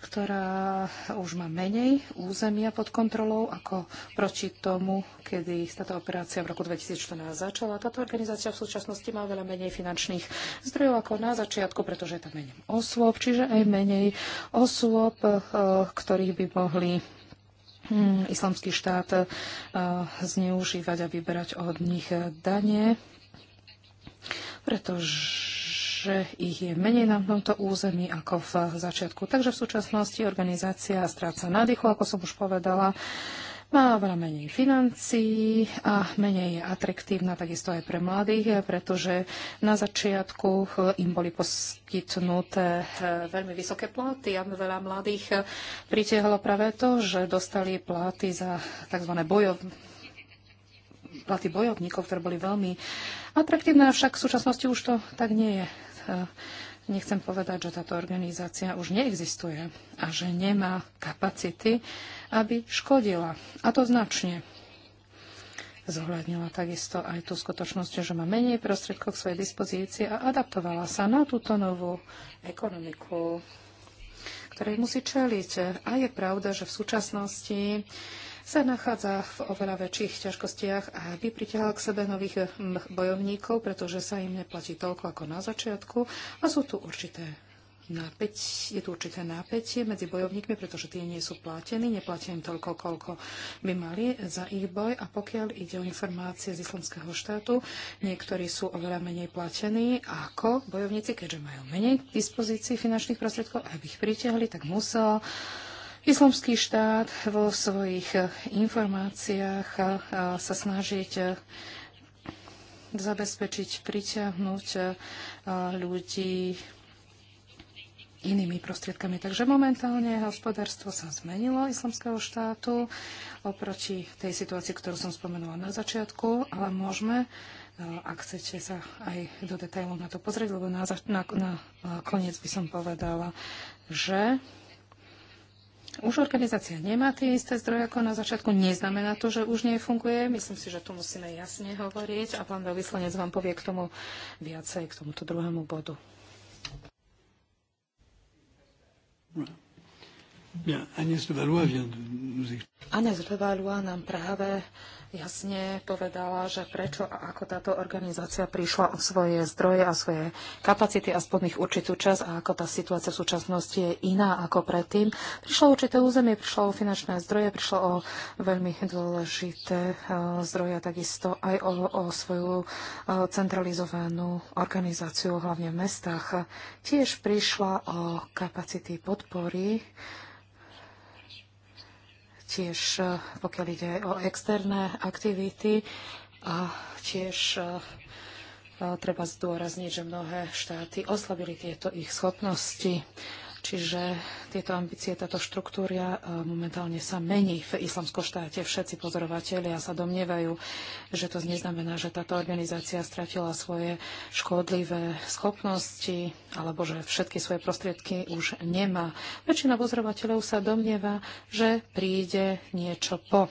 ktorá už má menej územia pod kontrolou ako proti tomu, kedy táto operácia v roku 2014 začala. Táto organizácia v súčasnosti má veľa menej finančných zdrojov ako na začiatku, pretože je tam menej osôb, čiže aj menej osôb, eh, ktorých by mohli hm, islamský štát eh, zneužívať a vyberať od nich dane, pretože že ich je menej na tomto území ako v začiatku. Takže v súčasnosti organizácia stráca nádychu, ako som už povedala, má veľa menej financií a menej je atraktívna takisto aj pre mladých, pretože na začiatku im boli poskytnuté eh, veľmi vysoké platy a veľa mladých eh, pritiahlo práve to, že dostali platy za tzv. bojov, platy bojovníkov, ktoré boli veľmi atraktívne, avšak v súčasnosti už to tak nie je nechcem povedať, že táto organizácia už neexistuje a že nemá kapacity, aby škodila. A to značne. Zohľadnila takisto aj tú skutočnosť, že má menej prostriedkov k svojej dispozícii a adaptovala sa na túto novú ekonomiku, ktorej musí čeliť. A je pravda, že v súčasnosti sa nachádza v oveľa väčších ťažkostiach a by k sebe nových bojovníkov, pretože sa im neplatí toľko ako na začiatku a sú tu určité napäť, je tu určité napätie medzi bojovníkmi, pretože tie nie sú platení, neplatia im toľko, koľko by mali za ich boj a pokiaľ ide o informácie z islamského štátu, niektorí sú oveľa menej platení ako bojovníci, keďže majú menej k dispozícii finančných prostriedkov, aby ich pritiahli, tak musel Islamský štát vo svojich eh, informáciách eh, eh, sa snažiť zabezpečiť, priťahnuť ľudí inými prostriedkami. Takže momentálne hospodárstvo sa zmenilo islamského štátu oproti tej situácii, ktorú som spomenula na začiatku, ale môžeme, ak chcete sa aj do detailov na to pozrieť, lebo na, na, na koniec by som povedala, že už organizácia nemá tie isté zdroje ako na začiatku. Neznamená to, že už nefunguje. Myslím si, že tu musíme jasne hovoriť a pán veľvyslanec vám povie k tomu viacej, k tomuto druhému bodu. Bien, Agnès Levalois vient de nous expliquer. nám práve jasne povedala, že prečo a ako táto organizácia prišla o svoje zdroje a svoje kapacity, aspoň ich určitú časť a ako tá situácia v súčasnosti je iná ako predtým. Prišlo určité územie, prišlo o finančné zdroje, prišlo o veľmi dôležité e, zdroje a takisto aj o, o svoju e, centralizovanú organizáciu, hlavne v mestách. Tiež prišla o kapacity podpory tiež e, pokiaľ ide o externé aktivity a tiež e, e, treba zdôrazniť, že mnohé štáty oslabili tieto ich schopnosti Čiže tieto ambície, táto štruktúra e, momentálne sa mení v islamskom štáte. Všetci pozorovatelia sa domnievajú, že to neznamená, že táto organizácia stratila svoje škodlivé schopnosti alebo že všetky svoje prostriedky už nemá. Väčšina pozorovateľov sa domnieva, že príde niečo po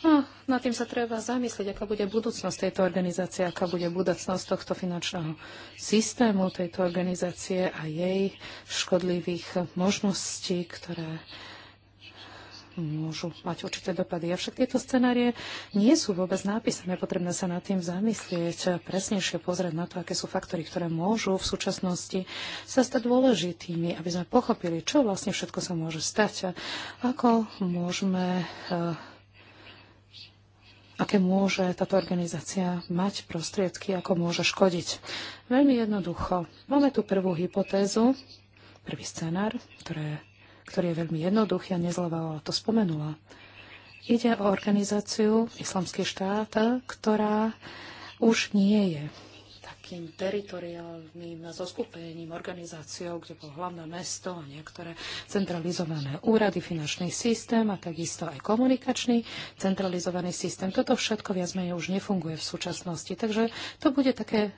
No, na tým sa treba zamyslieť, aká bude budúcnosť tejto organizácie, aká bude budúcnosť tohto finančného systému tejto organizácie a jej škodlivých možností, ktoré môžu mať určité dopady. Avšak tieto scenárie nie sú vôbec napísané. Potrebné sa nad tým zamyslieť, presnejšie pozrieť na to, aké sú faktory, ktoré môžu v súčasnosti sa stať dôležitými, aby sme pochopili, čo vlastne všetko sa môže stať a ako môžeme eh, aké môže táto organizácia mať prostriedky, ako môže škodiť. Veľmi jednoducho. Máme tu prvú hypotézu, prvý scenár, ktoré, ktorý je veľmi jednoduchý a nezlova to spomenula. Ide o organizáciu Islamský štát, ktorá už nie je takým teritoriálnym zoskupením, organizáciou, kde bolo hlavné mesto a niektoré centralizované úrady, finančný systém a takisto aj komunikačný centralizovaný systém. Toto všetko viac menej už nefunguje v súčasnosti, takže to bude také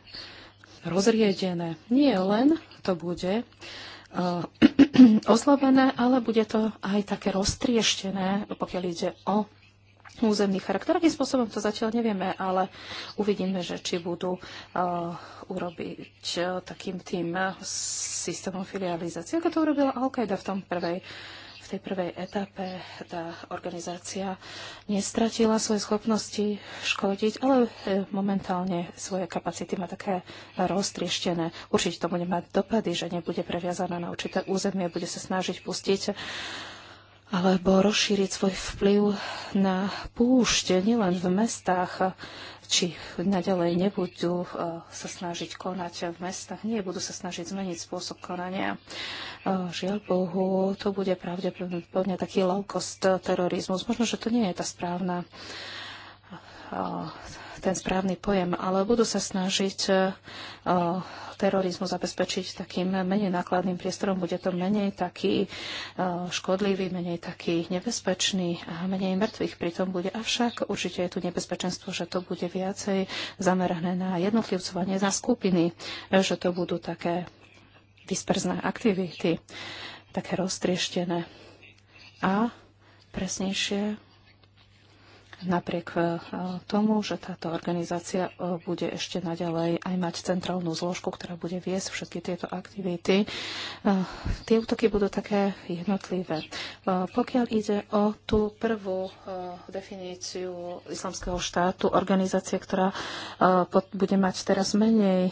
rozriedené. Nie len to bude eh, oslabené, ale bude to aj také roztrieštené, pokiaľ ide o územný charakter. Akým spôsobom to zatiaľ nevieme, ale uvidíme, že či budú uh, urobiť uh, takým tým uh, systémom filializácie, ako to urobila Al-Qaeda v tom prvej v tej prvej etape tá organizácia nestratila svoje schopnosti škodiť, ale uh, momentálne svoje kapacity má také roztrieštené. Určite to bude mať dopady, že nebude previazaná na určité územie, bude sa snažiť pustiť uh, alebo rozšíriť svoj vplyv na púšte, nielen v mestách, či naďalej nebudú e, sa snažiť konať v mestách, nie budú sa snažiť zmeniť spôsob konania. E, žiaľ Bohu, to bude pravdepodobne taký low-cost terorizmus. Možno, že to nie je tá správna e, ten správny pojem, ale budú sa snažiť e, e, terorizmu zabezpečiť takým menej nákladným priestorom. Bude to menej taký e, škodlivý, menej taký nebezpečný a menej mŕtvych pritom bude. Avšak určite je tu nebezpečenstvo, že to bude viacej zamerané na jednotlivcovanie na skupiny, že to budú také disperzné aktivity, také roztrieštené. A presnejšie napriek e, tomu, že táto organizácia e, bude ešte naďalej aj mať centrálnu zložku, ktorá bude viesť všetky tieto aktivity, e, tie útoky budú také jednotlivé. Pokiaľ ide o tú prvú definíciu islamského štátu, organizácie, ktorá bude mať teraz menej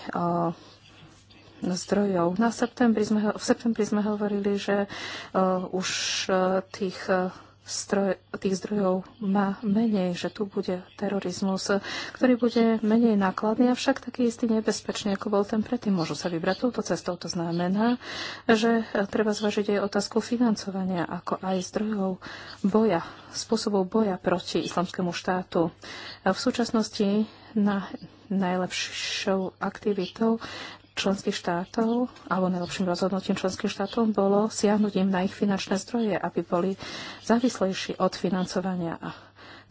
zdrojov. Na septembri sme, v septembri sme hovorili, že uh, už uh, tých uh, stroj, tých zdrojov má menej, že tu bude terorizmus, ktorý bude menej nákladný, avšak taký istý nebezpečný, ako bol ten predtým. Môžu sa vybrať touto cestou. To znamená, že treba zvažiť aj otázku financovania, ako aj zdrojov boja, spôsobov boja proti islamskému štátu. V súčasnosti na najlepšou aktivitou členských štátov, alebo najlepším rozhodnutím členských štátov bolo siahnuť im na ich finančné zdroje, aby boli závislejší od financovania. A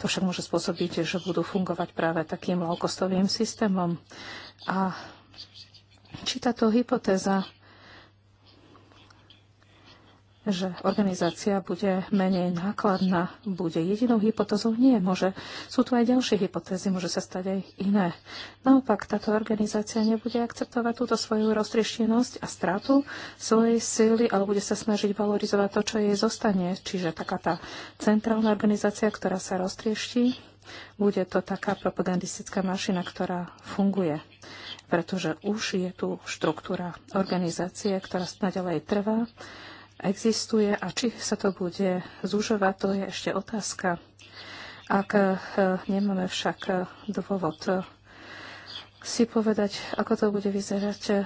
to však môže spôsobiť, že budú fungovať práve takým low systémom. A či táto hypotéza že organizácia bude menej nákladná, bude jedinou hypotézou? Nie, môže. Sú tu aj ďalšie hypotézy, môže sa stať aj iné. Naopak, táto organizácia nebude akceptovať túto svoju roztrieštenosť a stratu svojej síly, ale bude sa snažiť valorizovať to, čo jej zostane. Čiže taká tá centrálna organizácia, ktorá sa roztriešti, bude to taká propagandistická mašina, ktorá funguje pretože už je tu štruktúra organizácie, ktorá naďalej trvá existuje a či sa to bude zúžovať, to je ešte otázka. Ak e, nemáme však e, dôvod e, si povedať, ako to bude vyzerať,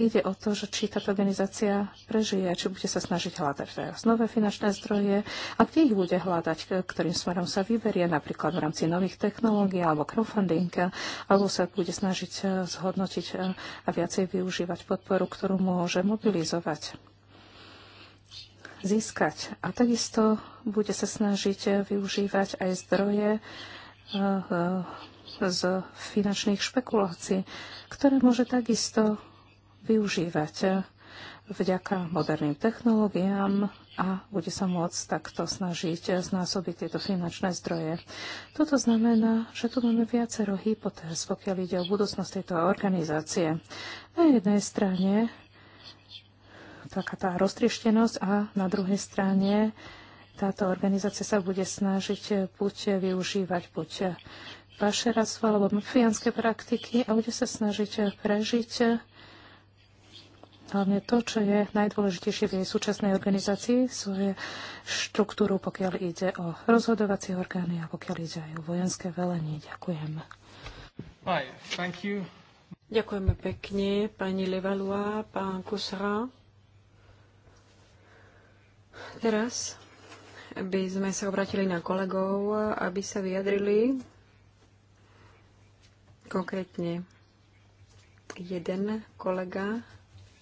ide o to, že či táto organizácia prežije, či bude sa snažiť hľadať teraz nové finančné zdroje a kde ich bude hľadať, ktorým smerom sa vyberie, napríklad v rámci nových technológií alebo crowdfunding, alebo sa bude snažiť zhodnotiť a viacej využívať podporu, ktorú môže mobilizovať získať. A takisto bude sa snažiť využívať aj zdroje eh, eh, z finančných špekulácií, ktoré môže takisto využívať eh, vďaka moderným technológiám a bude sa môcť takto snažiť znásobiť tieto finančné zdroje. Toto znamená, že tu máme viacero hypotéz, pokiaľ ide o budúcnosť tejto organizácie. Na jednej strane taká tá roztrieštenosť a na druhej strane táto organizácia sa bude snažiť eh, buď využívať buď eh, pašeráctvo alebo mafiánske praktiky a bude sa snažiť eh, prežiť hlavne to, čo je najdôležitejšie v jej súčasnej organizácii, svoje štruktúru, pokiaľ ide o rozhodovacie orgány a pokiaľ ide aj o vojenské velenie. Ďakujem. Ďakujeme pekne, pani Levalua, pán Kusra. Teraz by sme sa obratili na kolegov, aby sa vyjadrili konkrétne. Jeden kolega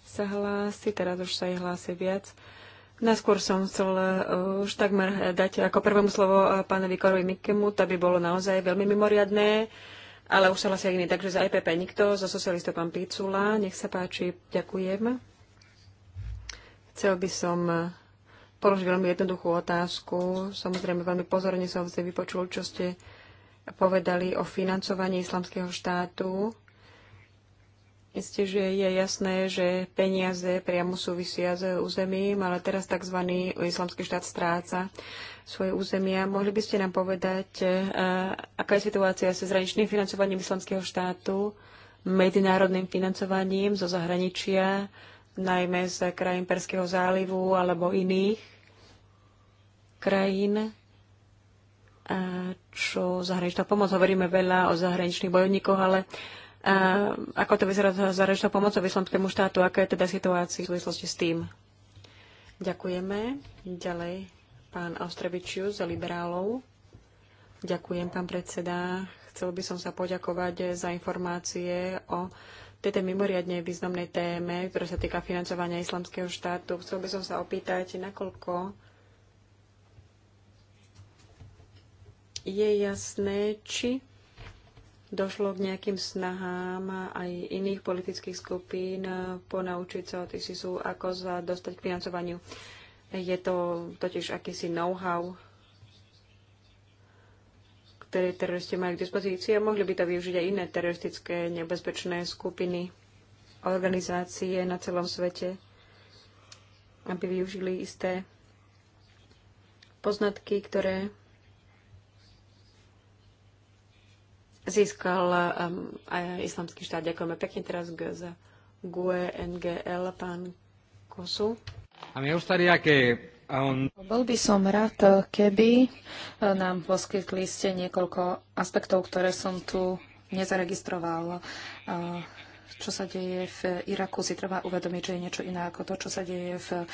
sa hlási, teraz už sa ich hlási viac. Najskôr som chcel e, už takmer dať ako prvému slovo e, pánovi Korovi Mikemu, to by bolo naozaj veľmi mimoriadné, ale už sa hlási iný. takže za EPP nikto, za socialistov pán Picula, nech sa páči, ďakujem. Chcel by som položiť veľmi jednoduchú otázku. Samozrejme, veľmi pozorne som si vypočul, čo ste povedali o financovaní islamského štátu. Isté, že je jasné, že peniaze priamo súvisia s územím, ale teraz tzv. islamský štát stráca svoje územia. Mohli by ste nám povedať, eh, aká je situácia s zraničným financovaním islamského štátu, medzinárodným financovaním zo zahraničia, najmä z krajín Perského zálivu alebo iných? krajín, čo zahraničná pomoc. Hovoríme veľa o zahraničných bojovníkoch, ale a ako to vyzerá zahraničná pomoc islamskému štátu? Aká je teda situácia v súvislosti s tým? Ďakujeme. Ďalej pán Austrevičius za liberálov. Ďakujem, pán predseda. Chcel by som sa poďakovať za informácie o tejto mimoriadne významnej téme, ktorá sa týka financovania islamského štátu. Chcel by som sa opýtať, nakoľko je jasné, či došlo k nejakým snahám aj iných politických skupín ponaučiť sa o TISISu, ako sa dostať k financovaniu. Je to totiž akýsi know-how, ktoré teroristi majú k dispozícii a mohli by to využiť aj iné teroristické nebezpečné skupiny, organizácie na celom svete, aby využili isté poznatky, ktoré získal um, aj islamský štát. Ďakujeme pekne teraz za GUE NGL, pán Kosu. A mne gustaría que bol by som rád, keby e, nám poskytli ste niekoľko aspektov, ktoré som tu nezaregistroval. E, čo sa deje v Iraku, si treba uvedomiť, že je niečo iné ako to, čo sa deje v eh,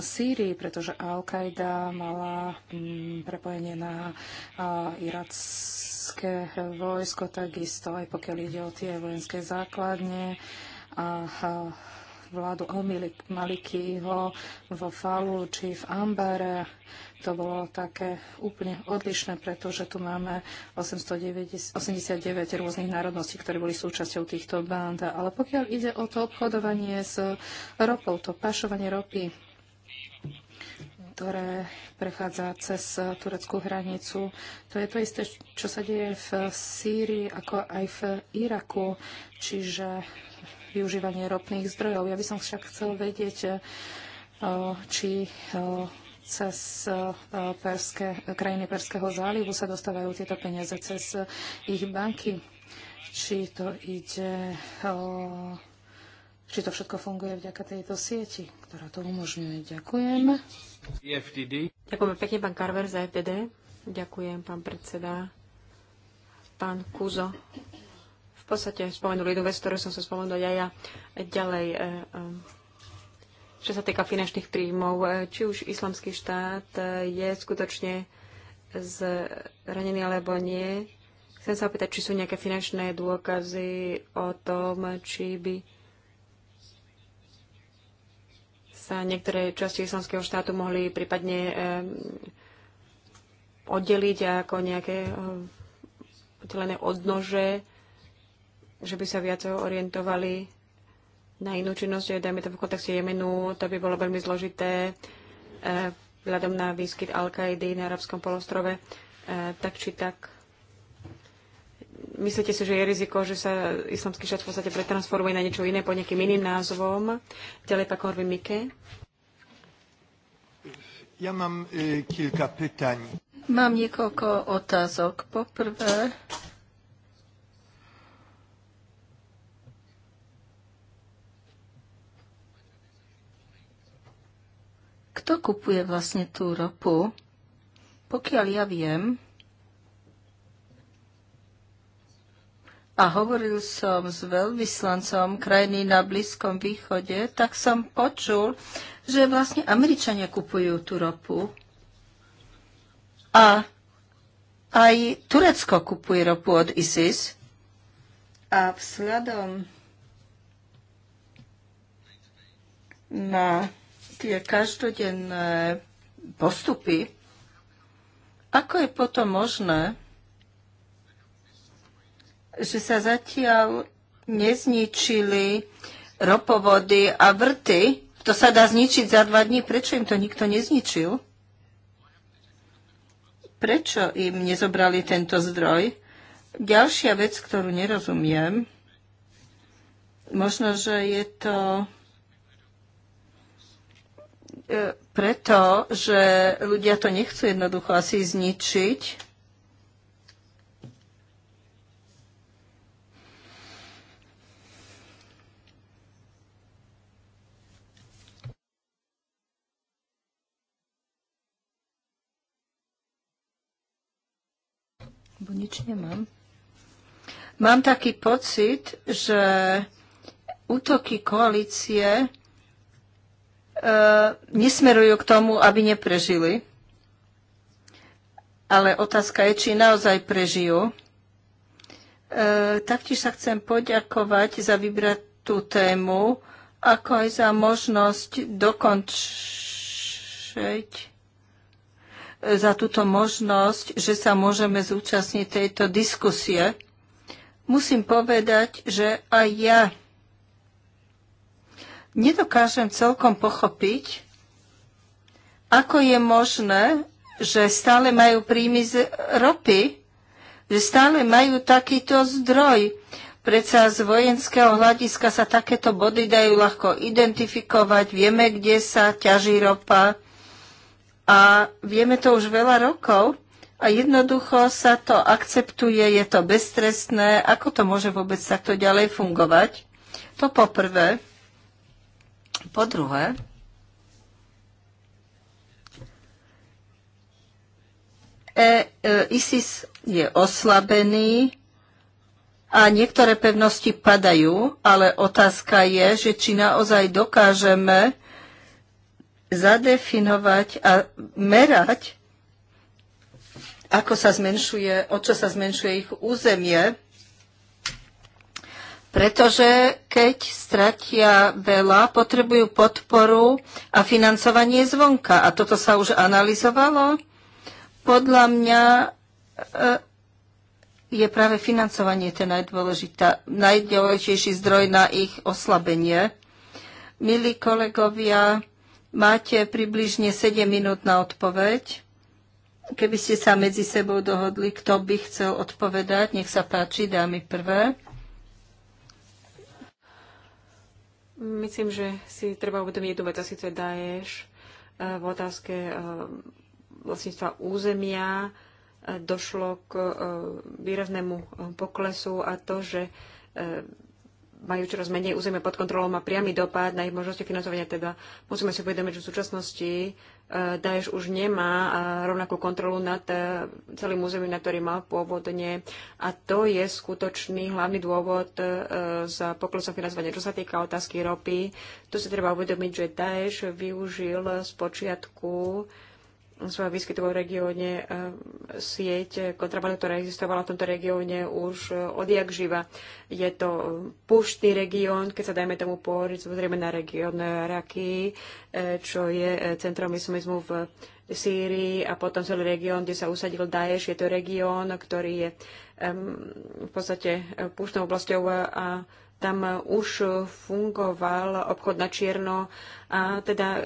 Sýrii, pretože Al-Qaida mala mm, prepojenie na eh, iracké vojsko, takisto aj pokiaľ ide o tie vojenské základne a eh, vládu Al-Malikiho vo Falu či v Ambare to bolo také úplne odlišné, pretože tu máme 889 rôznych národností, ktoré boli súčasťou týchto band. Ale pokiaľ ide o to obchodovanie s ropou, to pašovanie ropy, ktoré prechádza cez tureckú hranicu. To je to isté, čo sa deje v Sýrii, ako aj v Iraku, čiže využívanie ropných zdrojov. Ja by som však chcel vedieť, či cez e, e, perské, krajiny Perského zálivu sa dostávajú tieto peniaze cez e, ich banky. Či to ide, či to všetko funguje vďaka tejto sieti, ktorá to umožňuje. Ďakujem. FDD. Ďakujem pekne, pán Carver, za FDD. Ďakujem, pán predseda. Pán Kuzo. V podstate spomenul jednu vec, ktorú som sa spomenul aj ja. Ďalej, čo sa týka finančných príjmov, e, či už islamský štát e, je skutočne zranený alebo nie. Chcem sa opýtať, či sú nejaké finančné dôkazy o tom, či by sa niektoré časti islamského štátu mohli prípadne e, oddeliť ako nejaké oddelené odnože, že by sa viac orientovali na inú činnosť, dajme to v kontexte Jemenu, to by bolo veľmi zložité eh, vzhľadom na výskyt Al-Kaidy na arabskom polostrove. Eh, tak či tak, myslíte si, že je riziko, že sa islamský štát v podstate pretransformuje na niečo iné pod nejakým iným názvom? Ďalej pak Horvi Mike. Ja mám e, kilka pytań. Mám niekoľko otázok. Poprvé, Kto kupuje vlastne tú ropu? Pokiaľ ja viem, a hovoril som s veľvyslancom krajiny na Blízkom východe, tak som počul, že vlastne Američania kupujú tú ropu a aj Turecko kupuje ropu od ISIS a vzhľadom na tie každodenné postupy, ako je potom možné, že sa zatiaľ nezničili ropovody a vrty, to sa dá zničiť za dva dní. Prečo im to nikto nezničil? Prečo im nezobrali tento zdroj? Ďalšia vec, ktorú nerozumiem, možno, že je to E, preto, že ľudia to nechcú jednoducho asi zničiť, Bo nič nemám. Mám taký pocit, že útoky koalície E, nesmerujú k tomu, aby neprežili. Ale otázka je, či naozaj prežijú. E, taktiež sa chcem poďakovať za vybrať tú tému, ako aj za možnosť dokončiť e, za túto možnosť, že sa môžeme zúčastniť tejto diskusie. Musím povedať, že aj ja nedokážem celkom pochopiť, ako je možné, že stále majú príjmy z ropy, že stále majú takýto zdroj. Predsa z vojenského hľadiska sa takéto body dajú ľahko identifikovať, vieme, kde sa ťaží ropa a vieme to už veľa rokov a jednoducho sa to akceptuje, je to beztrestné, ako to môže vôbec takto ďalej fungovať. To poprvé. Po druhé, e, e, ISIS je oslabený a niektoré pevnosti padajú, ale otázka je, že či naozaj dokážeme zadefinovať a merať, ako sa zmenšuje, o čo sa zmenšuje ich územie pretože keď stratia veľa, potrebujú podporu a financovanie zvonka. A toto sa už analyzovalo. Podľa mňa e, je práve financovanie ten najdôležitejší zdroj na ich oslabenie. Milí kolegovia, máte približne 7 minút na odpoveď. Keby ste sa medzi sebou dohodli, kto by chcel odpovedať, nech sa páči, dámy prvé. Myslím, že si treba uvedomiť jednu vec, a síce Daesh eh, v otázke eh, vlastníctva územia eh, došlo k výraznému poklesu a to, že majú čoraz menej územia pod kontrolou, má priamy dopad na ich možnosti financovania. Teda musíme si uvedomiť, že v súčasnosti Eh, Daesh už nemá eh, rovnakú kontrolu nad eh, celým územím, na ktorý mal pôvodne. A to je skutočný hlavný dôvod za poklesom financovania. Čo sa týka otázky ropy, tu sa treba uvedomiť, že Daesh využil z počiatku svojho výskytu v regióne e, sieť kontrabandu, ktorá existovala v tomto regióne už e, odjak živa. Je to púštny región, keď sa dajme tomu pohoriť, samozrejme na región Raky, e, čo je centrom islamizmu v Sýrii a potom celý región, kde sa usadil Daesh. Je to región, ktorý je v podstate púštnou oblasťou a tam už fungoval obchod na čierno a teda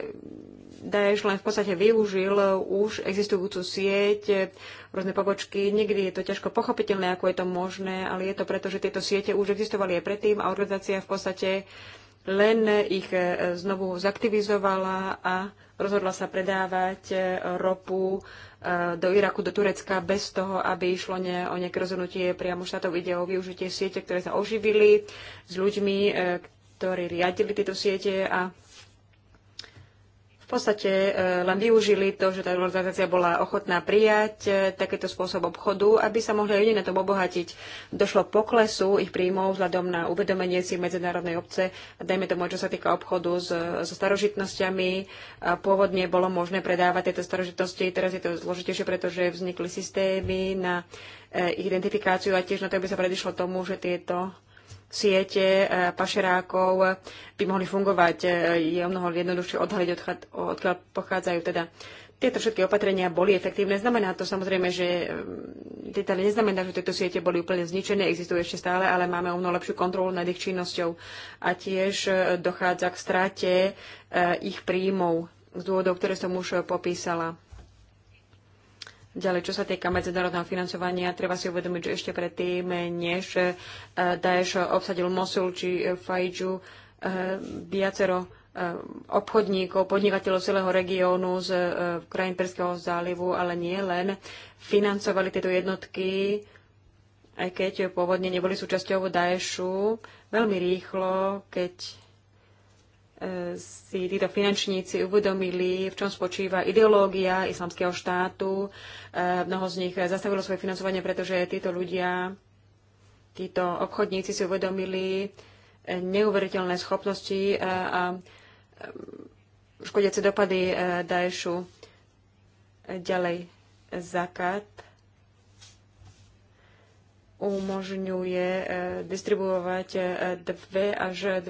Daesh len v podstate využil už existujúcu sieť, rôzne pobočky. Niekedy je to ťažko pochopiteľné, ako je to možné, ale je to preto, že tieto siete už existovali aj predtým a organizácia v podstate len ich e, znovu zaktivizovala a rozhodla sa predávať e, ropu Eh, do Iraku, do Turecka bez toho, aby išlo ne, o nejaké rozhodnutie priamo štátov. Ide o využitie siete, ktoré sa oživili s ľuďmi, eh, ktorí riadili tieto siete a podstate e, len využili to, že tá organizácia bola ochotná prijať e, takýto spôsob obchodu, aby sa mohli aj na tom obohatiť. Došlo poklesu ich príjmov vzhľadom na uvedomenie si medzinárodnej obce, dajme tomu, čo sa týka obchodu s, so starožitnosťami. E, pôvodne bolo možné predávať tieto starožitnosti, teraz je to zložitejšie, pretože vznikli systémy na identifikáciu a tiež na to, aby sa predišlo tomu, že tieto siete e, pašerákov by mohli fungovať. E, je o mnoho jednoduchšie odhaliť, odkiaľ pochádzajú. Teda tieto všetky opatrenia boli efektívne. Znamená to samozrejme, že teda neznamená, že tieto siete boli úplne zničené, existujú ešte stále, ale máme o mnoho lepšiu kontrolu nad ich činnosťou a tiež dochádza k strate ich príjmov z dôvodov, ktoré som už popísala. Ďalej, čo sa týka medzinárodného financovania, treba si uvedomiť, že ešte predtým, než e, Daesh obsadil Mosul či e, Fajžu, e, viacero obchodníkov, podnikateľov celého regiónu z krajín Perského zálivu, ale nie len, financovali tieto jednotky, aj keď pôvodne neboli súčasťou Daešu, veľmi rýchlo, keď si títo finančníci uvedomili, v čom spočíva ideológia islamského štátu. E, mnoho z nich zastavilo svoje financovanie, pretože títo ľudia, títo obchodníci si uvedomili e, neuveriteľné schopnosti e, a škodiace dopady Daešu ďalej zakat umožňuje e, distribuovať 2 e, až 2,5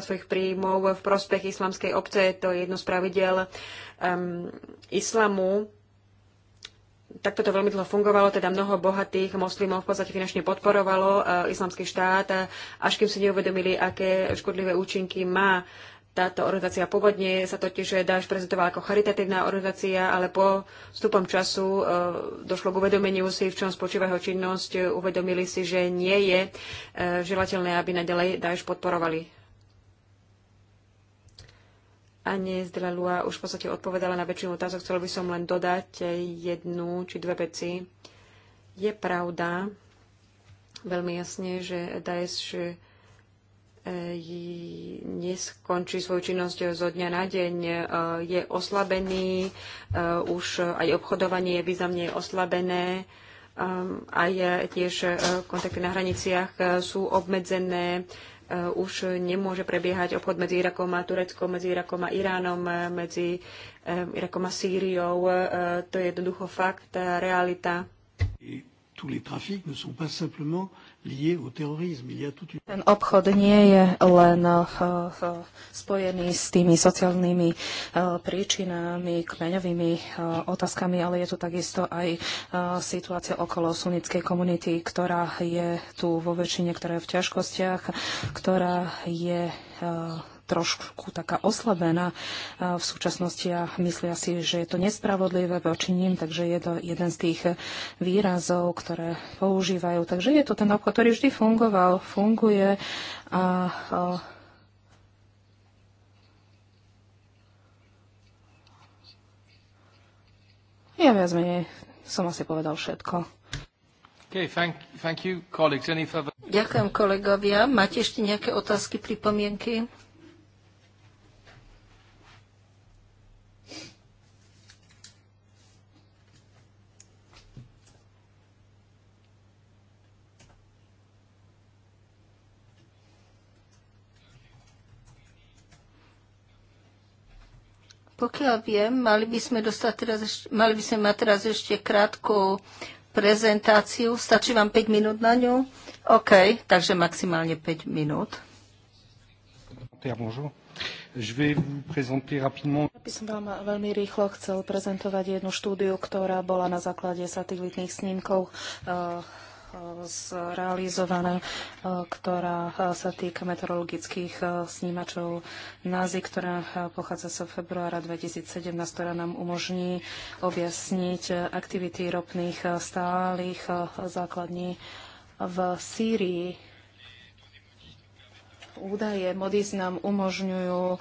svojich príjmov v prospech islamskej obce. To je jedno z pravidel um, islamu. Takto to veľmi dlho fungovalo, teda mnoho bohatých moslimov v podstate finančne podporovalo uh, islamský štát, až kým si neuvedomili, aké škodlivé účinky má uh, táto organizácia pôvodne sa totiž Dáš prezentovala ako charitatívna organizácia, ale po vstupom času e, došlo k uvedomeniu si, v čom spočíva jeho činnosť. Uvedomili si, že nie je e, želateľné, aby naďalej Dáš podporovali. Ani Lua už v podstate odpovedala na väčšinu otázok. Chcel by som len dodať jednu či dve veci. Je pravda, veľmi jasne, že Daesh neskončí svoju činnosť zo dňa na deň, e, je oslabený, e, už aj obchodovanie je významne oslabené, ehm, aj e, tiež kontakty na hraniciach sú obmedzené, už nemôže prebiehať obchod medzi Irakom a Tureckom, medzi Irakom a Iránom, medzi Irakom a Sýriou. To je jednoducho fakt, realita. Et tous les trafics ne sont pas simplement euh, ten obchod nie je len eh, eh, spojený s tými sociálnymi eh, príčinami, kmeňovými otázkami, ale je tu takisto aj situácia okolo sunnickej komunity, ktorá je tu vo väčšine, ktorá je v ťažkostiach, ktorá je trošku taká oslabená v súčasnosti a myslia si, že je to nespravodlivé voči ním, takže je to jeden z tých výrazov, ktoré používajú. Takže je to ten obchod, ktorý vždy fungoval, funguje a, Ja viac menej som asi povedal všetko. Okay, thank, thank you, colleagues. Any further... Ďakujem kolegovia. Máte ešte nejaké otázky, pripomienky? Pokiaľ viem, mali by sme, dostať teraz, ešte, mali by sme mať teraz ešte krátku prezentáciu. Stačí vám 5 minút na ňu? OK, takže maximálne 5 minút. Bonjour. By som vám veľmi rýchlo chcel prezentovať jednu štúdiu, ktorá bola na základe satelitných snímkov eh, zrealizovaná, e, ktorá e, sa týka meteorologických e, snímačov NAZI, ktorá pochádza sa so februára 2017, ktorá nám umožní objasniť aktivity ropných stálych základní v Sýrii údaje MODIS nám umožňujú e,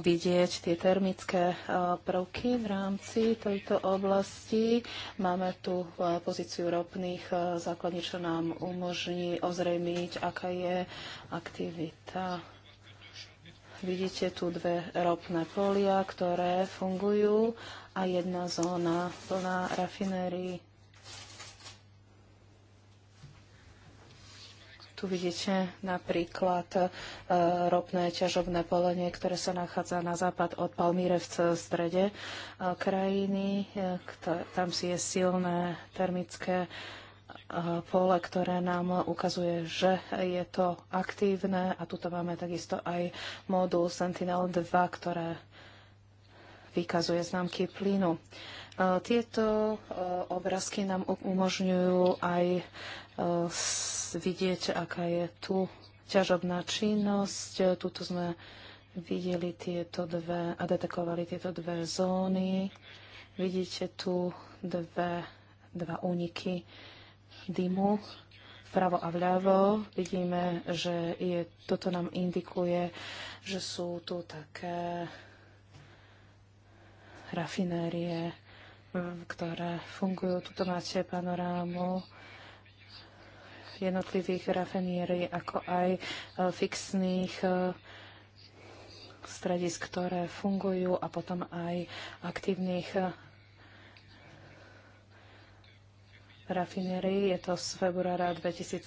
vidieť tie termické e, prvky v rámci tejto oblasti. Máme tu e, pozíciu ropných základní, čo nám umožní ozrejmiť, aká je aktivita. Vidíte tu dve ropné polia, ktoré fungujú a jedna zóna plná rafinérií Tu vidíte napríklad e, ropné ťažobné polenie, ktoré sa nachádza na západ od Palmíre v strede e, krajiny. E, tam si je silné termické e, pole, ktoré nám ukazuje, že je to aktívne a tuto máme takisto aj modul Sentinel-2, ktoré vykazuje známky plynu. E, tieto e, obrázky nám umožňujú aj Eh, vidieť, aká je tu ťažobná činnosť. Tuto sme videli tieto dve a detekovali tieto dve zóny. Vidíte tu dve, dva úniky dymu vpravo a vľavo. Vidíme, že je, toto nám indikuje, že sú tu také rafinérie, ktoré fungujú. Tuto máte panorámu jednotlivých rafinérií, ako aj e, fixných e, stredisk, ktoré fungujú a potom aj aktívnych e, rafinérií. Je to z februára 2017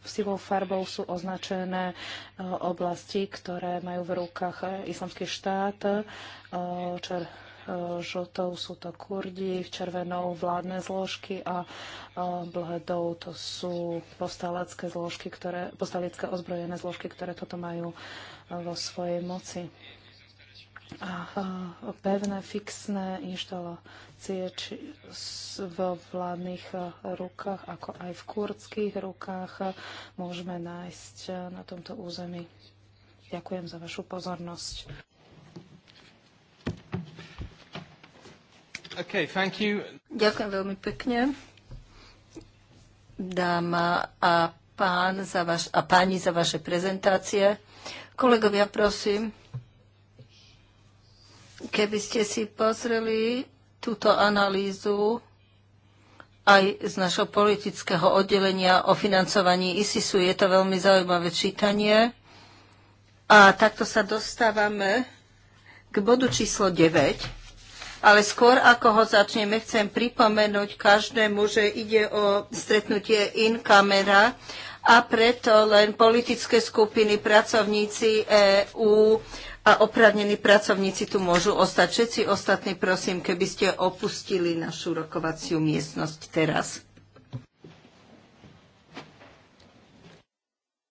v sivou farbou sú označené oblasti, ktoré majú v rukách islamský štát, čo E, žltou sú to kurdi, v červenou vládne zložky a e, bledou to sú postalecké zložky, ktoré, postalecké ozbrojené zložky, ktoré toto majú e, vo svojej moci. A pevné, fixné inštalácie či v vládnych rukách, ako aj v kurdských rukách, môžeme nájsť na tomto území. Ďakujem za vašu pozornosť. Okay, thank you. Ďakujem veľmi pekne. Dáma a, pán za vaš, a páni za vaše prezentácie. Kolegovia, prosím, keby ste si pozreli túto analýzu aj z našho politického oddelenia o financovaní ISISu. Je to veľmi zaujímavé čítanie. A takto sa dostávame k bodu číslo 9. Ale skôr, ako ho začneme, chcem pripomenúť každému, že ide o stretnutie in camera a preto len politické skupiny, pracovníci EÚ a oprávnení pracovníci tu môžu ostať. Všetci ostatní, prosím, keby ste opustili našu rokovaciu miestnosť teraz.